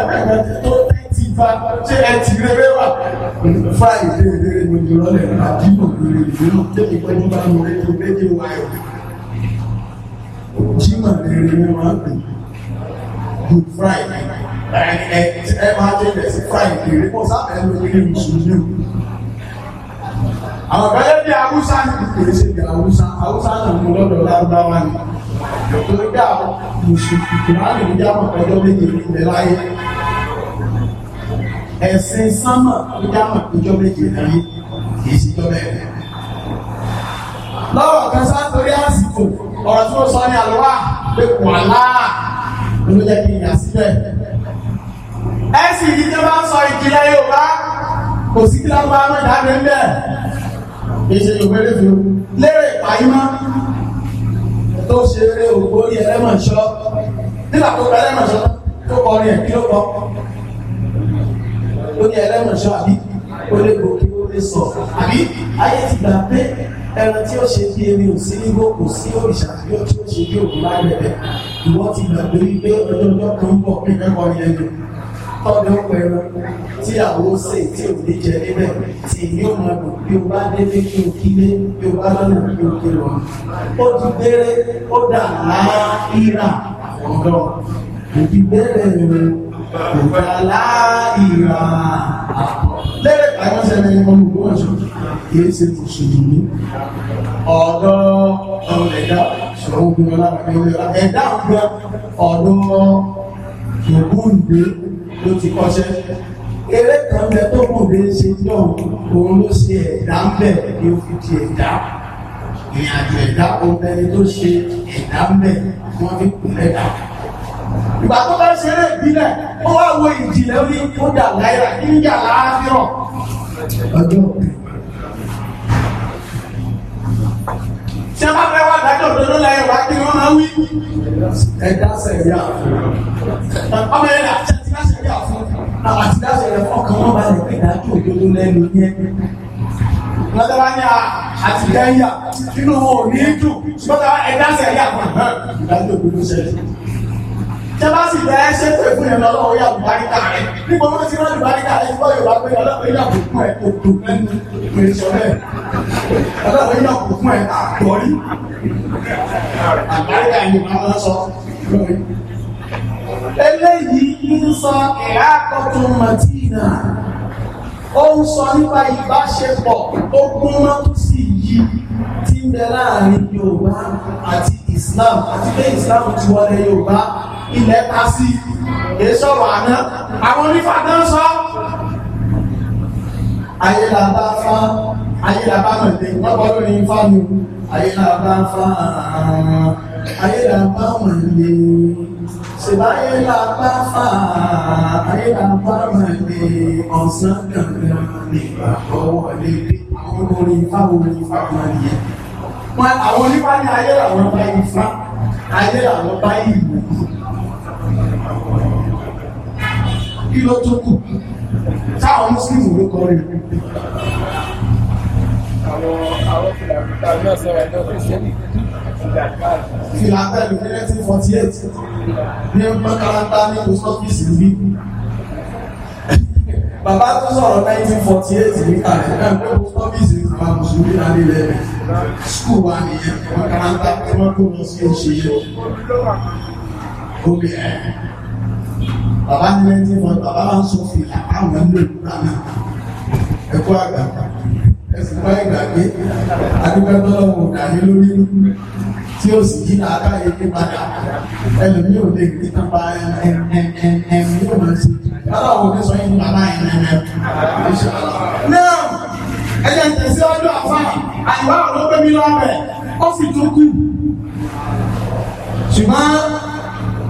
ẹ ti bá ṣé ẹ ti rere wà friday rẹ ló ti rọlẹ̀ àdínà rere ìdúró tẹ̀lé pẹ́ẹ́lú bá mi rẹ tó méjì wáyé jimá rere ni wọ́n á pè good friday ẹ ẹ ẹ máa jẹ́ ẹ̀sìn friday rẹ kó sábẹ́ ló ní mùsùlùmí àwọn kan yẹ bí awúsá kò lè ṣe bí awúsá awúsá náà mú lọ́dọ̀ lárúbáwá ni torí bí àwọn mùsùlùmí kùránì ń jámọ̀ ọjọ́ méje ìpínlẹ̀ láyé ẹ̀sìn sánmà ń jámọ̀ ọjọ́ méje láyé kì í ṣe jọ bẹ́ẹ̀ lọ́wọ́ kan sá torí àsìkò ọ̀rọ̀ tí ó sọ ní àlùwà pé wà láà ló jẹ́ kí n yà síbẹ̀ ẹ̀sìn yìí tó bá ń sọ ìjìnlẹ̀ Yorùbá kò sí kí lágbára mẹ́ta rẹ̀ ń bẹ́ẹ̀ èsì ìwéré fi lérè ìpàyímá tó ṣe eré òkú orí ẹlẹ́mọ̀ṣọ́ nígbà tó gba ẹlẹ́mọ̀ṣọ́ tó kọ orin ẹ̀ kí ló kọ ó ní ẹlẹ́mọ̀ṣọ́ àbí ó lè gòkè ó lè sọ àbí ayé ti gbà pé ẹran tí ó ṣe bí ẹni ò sí nígbó kò sí òrìṣà tí ó ṣe bí òkú láì bẹ̀bẹ̀ ìwọ́n ti gbàgbé wípé ọjọ́ ọjọ́ kan ń bọ̀ pé mẹ́kọ̀ọ́ ni ẹni tọ́ni ó pẹ̀lú tí àwọn ṣe tí ò ní jẹ níbẹ̀ tí yóò máa dùn bí o bá délé kí o kílé bí o bá lọ́nà kí o kí lọ. ó ti bẹ̀rẹ̀ ó dà láàírà ọ̀dọ́ òbí bẹ̀rẹ̀ rẹ̀ kò gbà láàírà lẹ́rẹ̀ àwọn ṣẹlẹ̀ ọmọ ògbó ọ̀ṣọ́ kìí ṣe mùsùlùmí ọ̀dọ́ ọmọ ẹ̀dá ṣọ̀rọ̀ obìnrin ọlá ẹ̀dá ọ̀dọ́ ọ̀dọ́ ògbó ìgbé ló ti kọ́ṣẹ́ eré kan bẹ tó kù bí ń ṣe náà òun ló ṣe ẹ̀dá ń bẹ̀ ni ó fi di ẹ̀dá ìrìnàjò ẹ̀dá obìnrin tó ṣe ẹ̀dá ń bẹ̀ wọ́n fi kù lẹ́dà ìgbà tó bá ṣeré ìbílẹ̀ ó wá wo ìjìnlẹ̀ orí kódà náírà níjà láàárọ̀ ọjọ́ tí a bá fẹ́ wá dájọ́ òdodo láyé wá kí wọ́n máa wí ẹ̀dá sẹ̀yà ọmọ ẹ̀dá àti dáṣẹ rẹ fọkàn wọn balẹ̀ pé ìdájọ́ òdodo lẹ́nu yẹn. lọ́dọ̀wá ní àtìlẹ́yà inú wọn ò ní dùn ṣùgbọ́n táwa ẹ̀ dáṣẹ yà kàn án ìdájọ́ òdodo ṣẹlẹ̀. Jẹba sì bẹ̀rẹ̀ ṣe pé fún yẹn lọ́wọ́ yà bùbáríkà rẹ̀. Nígbà wọn ti rán bùbáríkà rẹ̀ fún Yorùbá pé ọlọ́pàá yà kò fún ẹ̀ kò tó lẹ́nu ìpè ìṣọ̀lẹ̀. Ọlọ́pàá yà kò fún ẹ̀ àgbọ̀rí. Àgbáríkà ni màá sọ eléyìí ń sọ ẹ̀yà àkọ́tù Madina ó ń sọ nípa ìbáṣepọ̀ tó gúnmọ́ tó sì yí ń bẹ láàrin Yorùbá àti Islam àti pé Islam ti wọlé Yorùbá ilẹ̀ ta sí èsọ̀rọ̀ àná àwọn onífàdá ń sọ ayélabá fá ayélabá mẹ̀lẹ́ lọ́pọ̀ lórí ifá mi ayélabá fá ayélabá mẹ̀lẹ́ ṣèbáyé lápá fà ayé lápá rẹ̀ ní ọ̀sán kankan nígbà kọ́wọ́ lé àwọn orin fáwọn orin fáwọn nìyẹn. wọn àwọn onífá ní ayé làwọn bá yìí fá ayé làwọn bá yìí wò. kí ló tó kù táwọn mùsùlùmí ló kọ́ rè àwọn àwọn fìlà náà sọ̀rọ̀ ẹjọ́ kìrìsìtẹ́nì. Philatel ní nineteen forty eight ní mọ́kàlántà ní post office rí. Bàbá tó sọ̀rọ̀ nineteen forty eight níta rẹ̀ náà pé post office rí bàbá Mùsùlùmí náà nílẹ̀ rẹ̀. Skúù wa nìyẹn mọ́kàlántà tí wọ́n kó lọ sí oṣù yẹn. Omi ẹ̀ bàbá ní nineteen forty bàbá máa ń sọ fìlà káwọn ẹ̀ ń lò lóra náà. Ẹ̀kọ́ àgbà ẹ̀sìn báyìí gbàgbé adúgbò ẹ̀tọ́ lọ́wọ́ òdà lórí tí ó sì yíra báyìí ní padà ẹlòmíì ò lè gbé tán bá ẹmí máa ṣe bàbá òun ní sọ yín ní bàbá yìí náà ẹ̀yẹ ń tẹ̀sí ọdún àfa àyíwá ọ̀dọ́ gbẹ́mí lọ́rẹ̀ ó sì tún kù. ṣùgbọ́n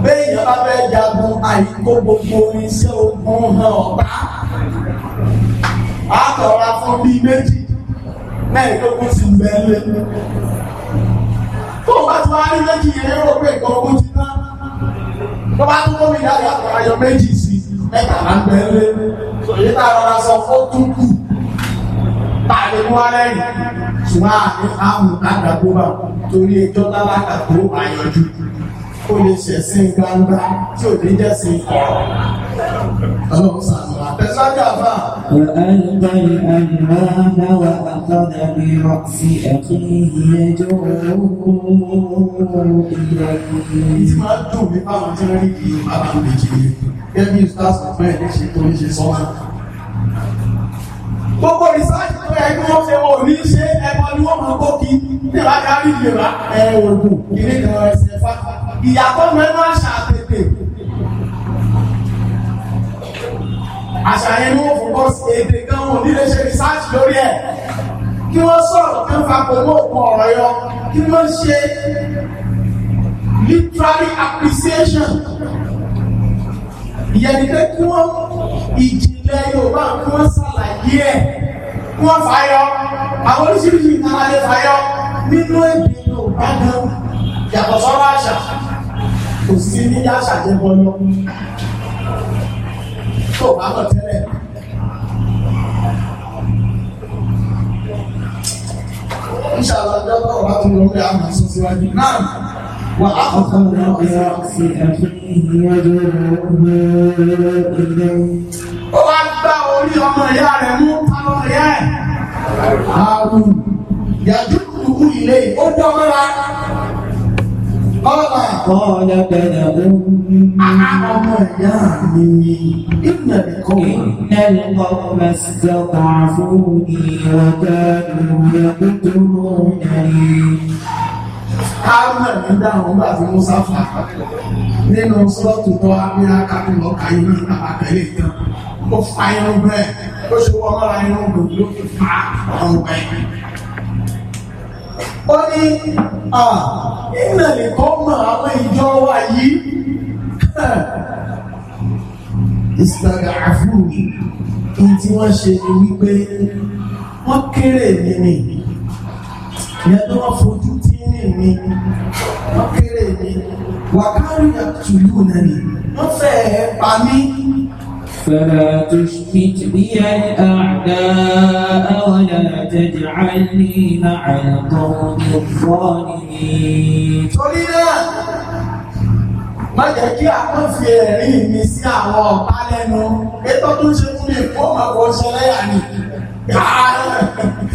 bẹ́ẹ̀ yẹn bá jagun àyíkó gbogbo iṣẹ́ ogun hàn ọ̀pá. a fún bíi méjì mẹ́ẹ̀ẹ́dógún ti bẹ́ẹ̀ lé tó o bá ti wá rí méjì yẹn rò pé nǹkan ogun ti tán tó bá tún lómi ìyá ìyá àgbàrá yọ méjì sí mẹ́tàlá ń bẹ́ẹ̀ lé èyí tá a rọra sọ fún túkù tá a lè mú ara ẹ̀ ṣùgbọ́n àwọn àdàgbò bá torí ẹjọ́ tálákà tó àyànjú ó lè ṣẹ̀sìn gbangba tí ò ní jẹ́sìn ìkọ̀rọ̀. Ọlọ́run sàmúlò gbogbo research tó yẹ kí wọ́n ṣe wọn ò ní ṣe ẹ̀kọ́ ni wọ́n máa kó kí nígbà tí a rí ìlera ẹ̀ òògùn kìíní kan ẹ̀sẹ̀ fa ìyàtọ̀ mẹ́nu àṣà tètè àṣà yẹn ni wọ́n fún bọ́ọ̀sì èdè kan wọn ò ní ṣe research lórí ẹ̀ kí wọ́n sọ̀rọ̀ kí wọ́n fa pẹ̀lú òkun ọ̀rọ̀ yọ kí wọ́n ṣe literary appreciation ìyẹn ni pé kí wọ́n ìjẹ́ ilẹ̀ Yorùbá kí wọ́n ṣàlàyé ẹ̀ kí wọ́n fàyọ àwọn oríṣiríṣi ìtàlàyé fàyọ nínú èdè Yorùbá gan yàtọ̀ sọ́rọ̀ àṣà kò sí ní àṣà jẹ́bọ lọ tó bá lọ tẹ́lẹ̀. Ìṣàlàyé ọkọ̀ wa ti lọ pé a síwájú náà. وأخذ برأسك فيه يدعوه إليه ó wá gbá orí ọmọ ìyá rẹ̀ mú pálọ̀ ìyá ẹ̀ àrùn yàdúkùú ilé ó dán mọ́ra ọ̀la ọ̀la bẹ̀rẹ̀ ọmọ ìyá mi ni ìnà ẹ̀kọ́ ìnà ẹ̀kọ́ mẹ́sìtẹ́ ọ̀tà fún ìwọ̀dà ìwọ̀dà tó tó mọ́ ẹ̀yìn. Kámà ní dáhùn gbà tí Musa fà á. Nínú sọ́ọ̀tù tó á ní akápẹ́ lọ́ka iná àbàkẹ́lẹ̀ tán. Ó fa irun bẹ́ẹ̀, ó ṣe wọ́n mọ́ra irun gbòdì ló fi fa ọ̀rùn bẹ́ẹ̀. Ó ní ìnàlẹ̀ kọ́ mọ̀ àwọn ìjọ wa yìí. Ìsìtàgà àfúrù ní tí wọ́n ṣe ni wípé wọ́n kéré mi ni. Ìyẹn tó wọ́n fojú ní mi wọ́n kéré mi wàkárì àtúlù náà ni wọ́n fẹ́ẹ́ pa mí. فلا تشمت بي الأعداء ولا تجعلني مع القوم الظالمين má jẹ́ kí àkọ́fì ẹ̀rí mi sí àwọn ọ̀pá lẹ́nu ètò tó ń ṣe fún mi fún ọmọ ọ̀ṣẹ́lẹ́yà ni.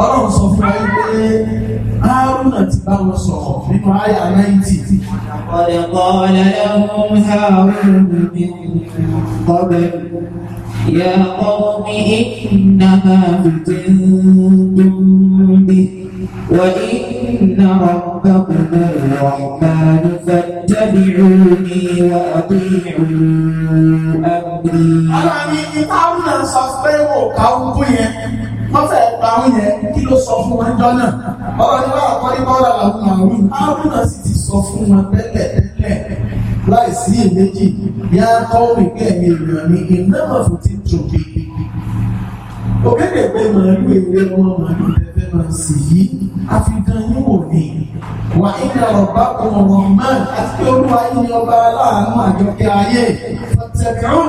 ọlọ́run sọ fún ayé pé Hárúnà ti bá wọn sọ̀rọ̀ nínú àyà náìtì. ọ̀rẹ́ يا قوم إنما فتنتم به وإن ربكم الرحمن فاتبعوني وأطيعوا أمري. أنا أمي إتعامل صفين وكاوبين wọ́n fẹ́ pa àwọn yẹn kí ló sọ fún wọn jọ náà ọ̀rọ̀ ni wọ́n àkọ́rí bọ́ọ̀rọ̀ làwọn màrún àrùnà sì ti sọ fún wọn tẹ́lẹ̀ tẹ́lẹ̀ láìsí èméjì yá kọ́ òrìkẹ́ mi èèyàn ní ìnáwó fún ti tòbi òkèdè pé màálù ewé wọn màálù tẹ́fẹ́ máa sì yí àfihàn yín wò ní wà ní ọ̀bá kan ọ̀rọ̀ máa àti pé olúwa yín ni ọba aláàánú àjọkẹ́ ayé tẹ̀kẹ́ òun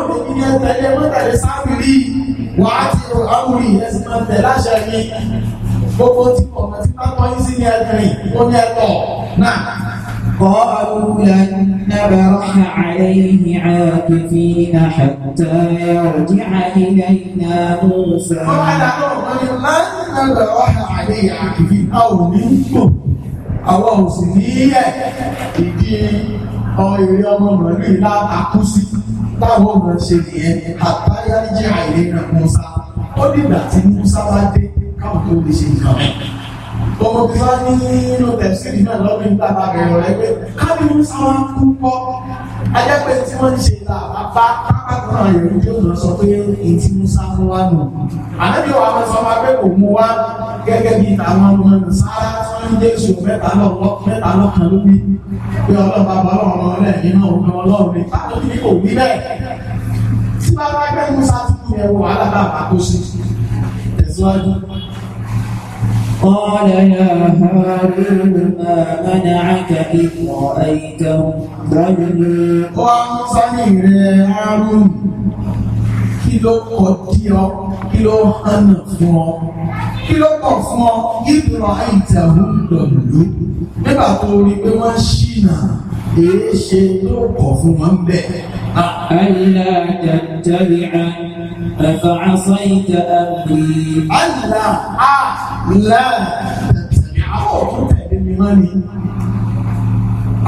ní wà á ti awúrí yẹn sì máa tẹ̀ láṣẹ mi gbogbo tí kò mọ̀ tí máa tọ́yìn sí ní ẹgbẹ̀rin ó ní ẹ̀tọ́ náà. قالوا لن نبرح عليه عاكفين حتى يرجع إلينا موسى. قال لن نبرح عليه عاكفين أو منكم àwọn òsì ní ìdí ọ̀rẹ́ ọmọ mọ̀lú ìlà àkúsí táwọn ọmọ ṣe nìyẹn àbáyájí àìlè náà Musa ó dìgbà tí Musa bá dé káwọn tó lè ṣe nǹkan mẹ. ọmọ tí wọn ní nínú tẹsílì náà lọ́dún nígbà tá rẹ pé kábí Musa wọn kú kọ́ ajẹ́pẹ́ tí wọ́n ṣe là bá pápákọ̀ àwọn èrò tí sọ pé èyí Musa mú wá nù. àná bí wàá sọ ma pé kò mú wá gẹ́gẹ́ bí tàwọn ọmọ sára tí wọ́n ń jésù mẹ́ta lọ́kàn ló wí pé ọlọ́ba bá ọ̀rọ̀ rẹ̀ nínú ọ̀rọ̀ ọlọ́run ní pàtó kí ni kò wí bẹ́ẹ̀. tí bàbá ẹgbẹ́ musa ti kú yẹn wò alábà àkókò sí tẹ̀síwájú. قال يا هارون ما منعك إذ رأيتهم ضلوا. وأنصني يا هارون kí ló kọ dí ọ kí ló hànà fún ọ kí ló pọ̀ fún ọ ìbùrọ̀ àìtàwù lọ̀lú nígbà tó rí pé wọ́n ṣìnà èé ṣe ló kọ̀ fún wọn bẹ́ẹ̀. ألا تتبع أفعصيت أمري ألا لا تتبع أو تتبع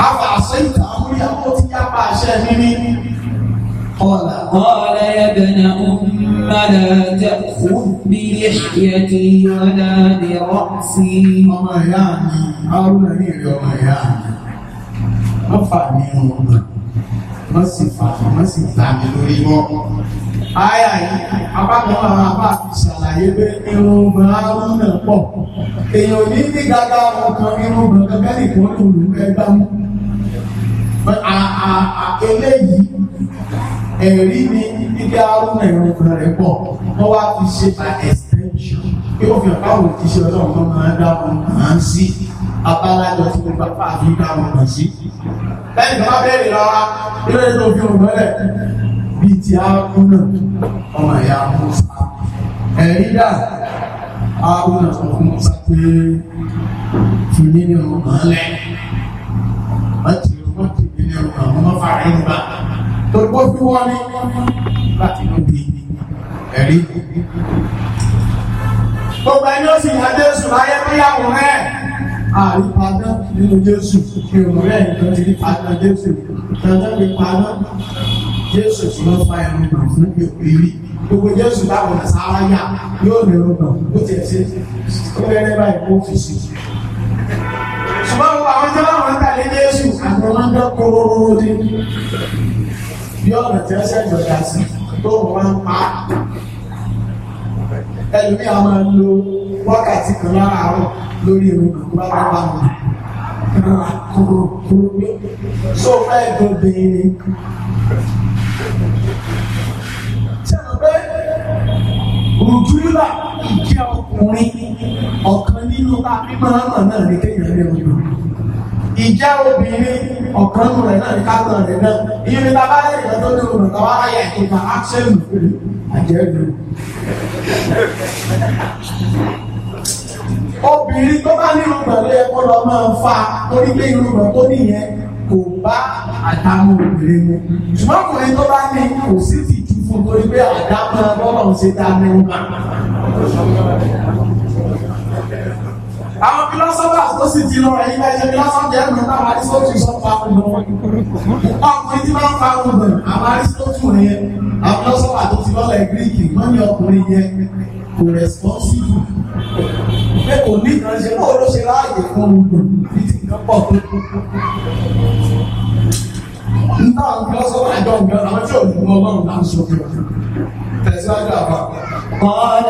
أفعصيت أمري أو تتبع شهمي قال قال يا ابن أم لا تأخذ بلحيتي ولا برأسي ọmọ ìyá mi Haruna ní ìlú ọmọ ìyá mi wọ́n fà mí wọn wọ́n sì fà wọ́n sì gbà mí lórí mọ́ àyà yìí apákan àwọn apá ṣàlàyé pé irun gbọ̀n Haruna pọ̀ èèyàn ní ní gàgà ọkàn irun gbọ̀n gẹ́gẹ́ nìkan lòlù ẹgbàá mú eléyìí ẹ̀rí ni ibi arúnà ìrìnkùnrin rẹ̀ pọ̀ wọ́n wá fi ṣe by extension yóò fi hàn káwọn òjíṣẹ́ ọlọ́run tó máa ń dáhùn máa ń sí abálájọ tí mo bá fà á fi dáhùn máa sí. lẹ́yìn tó bá bẹ̀rẹ̀ lọ́ra yóò lè tó fi hàn mọ́lẹ̀ bíi ti arúnà ọmọ ìyá musa ẹ̀rí dà arúnà sọ fún musa pé fún mi ní ọmọ wọ́n ti wọ́n ti mi ní ọmọ mọ́fà rẹ̀ nígbà torí pé fi wọ́n ní láti inú bí ẹ̀rí. gbogbo ẹni ó sì yan Jésù láyé pé àwòrán ẹ̀ àrùn padà nínú Jésù ìrùn rẹ̀ ìjọ ti rí padà Jésù ìjọba rí padà Jésù tí wọ́n fa ẹ̀rù gbà fún ìrírí gbogbo Jésù táwọn àsáwá yà yóò rí ẹ̀rù gbà ó tiẹ̀ ṣe ó lẹ́rẹ́ báyìí kó fi sí ṣùgbọ́n àwọn tí wọ́n tẹ̀lé Jésù àtọ̀lọ́dọ̀ kóróró dín bí ọ̀nà tí ẹsẹ̀ ìjọba sí tó wọ́n ń pa ẹlòmí a máa ń lo wákàtí kan láàárọ̀ lórí irun kan bá bá bá wọn rárá kúrò kúrò pé so fẹ́ gan béèrè. sẹ́nu pé rùjúlà ìjẹ́ ọkùnrin ọ̀kan nínú abímọ́ náà náà ní kéèyàn lé ọdún ìjẹ́ obìnrin ọ̀kan nù rẹ̀ náà ní kágbọ̀n rẹ̀ náà ìyẹn ní bàbá rẹ̀ ìjọ tó dùn rẹ̀ tọ́wọ́ ayé ìkà áṣẹ́lù àjẹ́lù. obìnrin tó bá ní irùngbọ̀n ló yẹ kó lọ máa fa torí pé irùngbọ̀n tó nìyẹn kò bá àdámọ̀ obìnrin mu ṣùgbọ́n ọkùnrin tó bá ní kò sí tìjú fún torí pé àdámọ̀ bọ́lọ̀ ń ṣe dá ní ọgbà àwọn philosophers tó sì ti lọ rẹ̀ yíká ẹ̀jẹ̀ philosophy ẹ̀ mẹ́ta àwọn aristotle sọ pa ọmọ ọkùnrin tí wọ́n pa ọmọ àwọn aristotle rẹ̀ àwọn philosophers tó ti lọ́lẹ̀ greek wọ́n ní ọkùnrin yẹn kò responsible pé kò ní ìrànṣẹ́ náà ló ṣe láàyè fún ọmọ ní ti nǹkan pọ̀ tó nígbà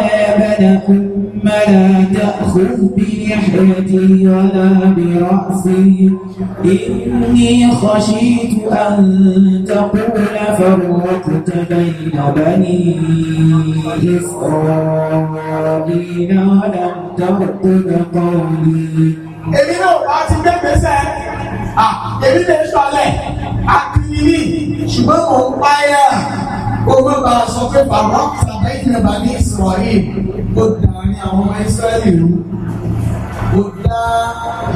àwọn philosophers ثم لا تأخذ بلحيتي ولا برأسي إني خشيت أن تقول فرقت بين بني إسرائيل ولم ترقب قولي èmi náà wá ti gbẹ́gbẹ́sẹ̀ èmi lè sọlẹ̀ àkìlì ṣùgbọ́n mò ń páyà kó má ba sọ pé bàbá bàbá ìjọba ní ìsọ̀rí ó dàní àwọn ọmọ ìsírẹ́lì rú ó dá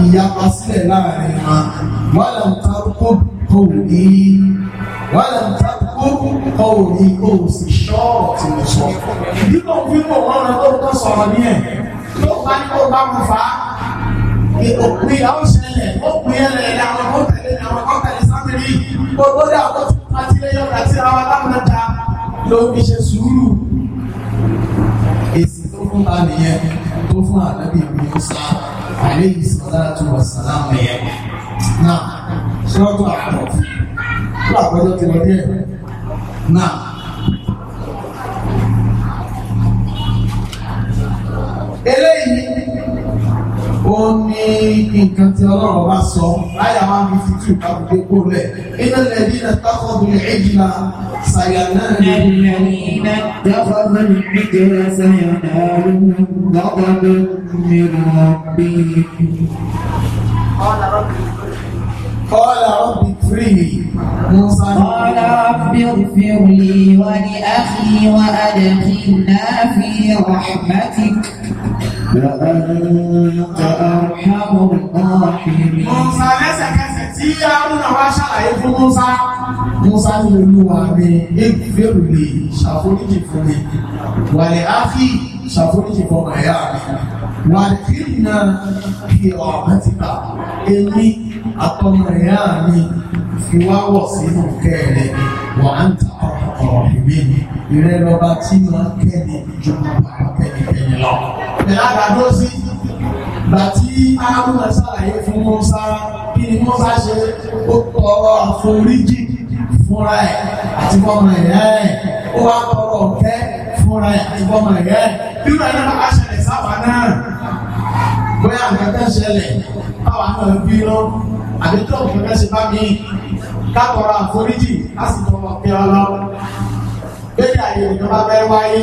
ìyapa sílẹ̀ láàrin wọn wọn lè ta kó kó ní wọn lè ta kó kó ní kó sì ṣọ́ọ̀tì lọ sọ. nígbà tí mo wọ́n rẹ tó tó sọ̀rọ̀ ní ẹ̀ tó bá ní kó bá mo fà á òpin àwọn ṣẹlẹ̀ ó pin ẹlẹ́yìn àwọn kọ́tẹ̀lẹ́ àwọn kọ́tẹ̀lẹ́ sáfẹ́rì gbogbo dà ó tó tó pàtí lẹ́yìn àwọn alámọ̀dá ló fi ṣe sùúrù èsì tó fún ta nìyẹn tó fún ànábì Musa alayhi salatu wa salam nìyẹn náà sọ́tọ̀ àpọ̀ tó àpọ̀jọ́ ti lọ díẹ̀ náà. eléyìí ó ní nǹkan tí ọlọ́run bá sọ láyà wá ní fífi ìpàdé kó lẹ̀ iná lẹ́bí náà tákọ̀dù ẹ̀jìlá ṣàyà náà ní ilẹ̀ yàtọ̀ mẹ́rin nígbèrè ṣàyà náà lọ́gbọ́n mi rọ̀ bí. قال رب اغفر لي قال رب اغفر لي ولأخي وأدخلنا في رحمتك وأنت أرحم الراحمين Musa lẹ́sẹ̀kẹsẹ̀ tí Haruna wá ṣàlàyé fún Musa. Musa ní olúwa mi, Ekiferu lè ṣàforíjì fún mi. Wàlẹ̀ Áfí ṣàforíjì fún Màyá mi. Wàlẹ̀ Kírìnà fi ọ̀rọ̀ mẹ́tìkà. Èmi àtọ́nà ẹ̀yà mi fi wá wọ̀ sínú kẹ́ẹ̀rẹ́ wà á ń ta ọ̀rọ̀ ìwé mi ìrẹ́ lọ́ba tí máa ń kẹ́ni ju bàbá kẹ́nikẹ́ni lọ. Ẹ àgbàdo sí bàtí Haruna ṣàlàyé fún Musa kí ni Musa ṣe ó tọrọ àforíjì fúnra ẹ̀ àti fọmọ ẹ̀yà ẹ̀ ó wá tọrọ ọ̀kẹ́ fúnra ẹ̀ àti fọmọ ẹ̀yà ẹ̀ bí wọn náà bá ṣẹlẹ̀ sáwà náà bóyá nǹkan ṣẹlẹ̀ káwa náà bínú àbí tó kí wọ́n ṣe bá mi kátọ̀rọ̀ àforíjì láti tọrọ pé ọlọ́ bẹ́ẹ̀ àyè ìjọba bẹ́ẹ̀ wáyé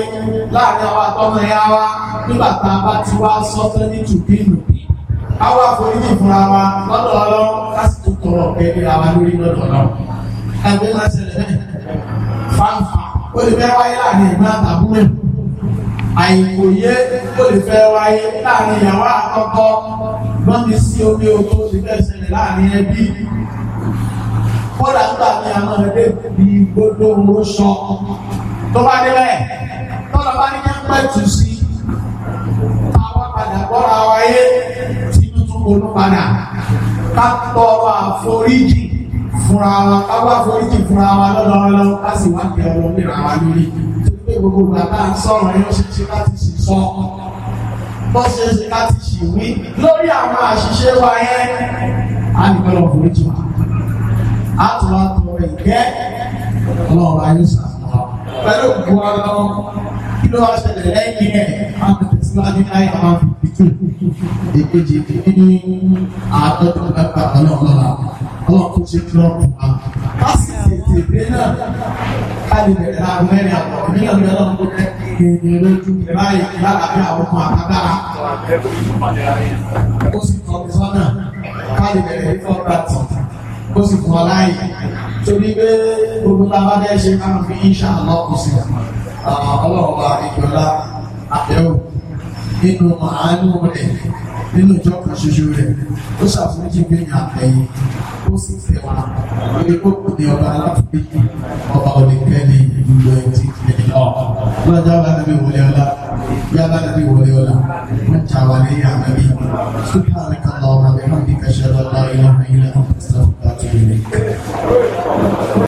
láàrin àwọn àtọ́mọ ẹ̀yà wa nígbà tá a bá ti wá sọ́tẹ́ ní tùbínú káwa àforíjì fúnra wa lọ́dọ̀ ọlọ́ láti tó tọrọ pé ìlà wa lórí lọ́dọ̀ ọlọ́ ẹgbẹ́ náà ṣẹlẹ̀ fáńfà wáyé láàrin ìyàwó àkọ́kọ́ wọ́n sí omi omi oṣù kẹsìlẹ̀ láàrin ẹbí. Kọ́dà ń gbà ní àwọn ẹgbẹ́ bí gbogbo owó sọ. Tó bá débẹ̀, tọ́lọ̀ bá ní kí ń pẹ̀tù sí. Àwọn padà bọ́ra wáyé tí tuntun olú padà. Ká tọrọ àforíjì fúnra wa, ká wá àforíjì fúnra wa lọ́dọọlọ́, ká sì wá kí ọlọ́mìnira wa lórí. Tó gbé gbogbo bàbá sọ̀rọ̀ yóò ṣe ṣe láti sì sọ ọkọ̀ bó ṣe ṣe ká ti ṣì wí lórí àwọn àṣìṣe wa yẹn á ní pẹ́ lọ́wọ́ foríjì wa á tún wá tọrọ ìgbẹ́ ọlọ́ọ̀bá yóò ṣàfihàn wa pẹ̀lú òkú wa lọ kí ló wá ṣẹlẹ̀ lẹ́yìn ẹ̀ máa tètè síwájú láyé àwọn àfikún èkejì kìíní àádọ́tún pẹ́pẹ́ ọlọ́ọ̀lọ́la ọlọ́kùn ṣe trump wa pásì tètè dé náà káàdì bẹ̀rẹ̀ láàbù mẹ́rin àbọ̀ nígbà tí ọlọ́run tó tẹ́ kéde lójú báyìí lábàbí àwọn ọmọ àbábára ó sì tọ́ mi sọ́nà káàdì bẹ̀rẹ̀ fífọ́ bàtì ó sì fún ọ láàyè torí pé gbogbo làwọn adé ṣe káàmù fi ń ṣàlọ́ kù sí ọlọ́run a ìjọba àdéhùn nínú àánú rẹ̀ nínú ìjọ kan ṣoṣo rẹ̀ ó ṣàforíjì gbẹ̀yìn àtẹ̀yìn ó sì fẹ́ wa lórí gbogbo ní ọba aláforíjì ọba olùkẹ́ni ìlú ẹtì ìlú ọ̀ lọ́jà bá nàbí wọlé ọlá yá bá nàbí wọlé ọlá wọ́n jà wà ní ìyá ṣùgbọ́n àmì kan lọ́wọ́ àmì kan kí kẹsẹ̀ lọ́la ìlànà ìlànà ìlànà ìlànà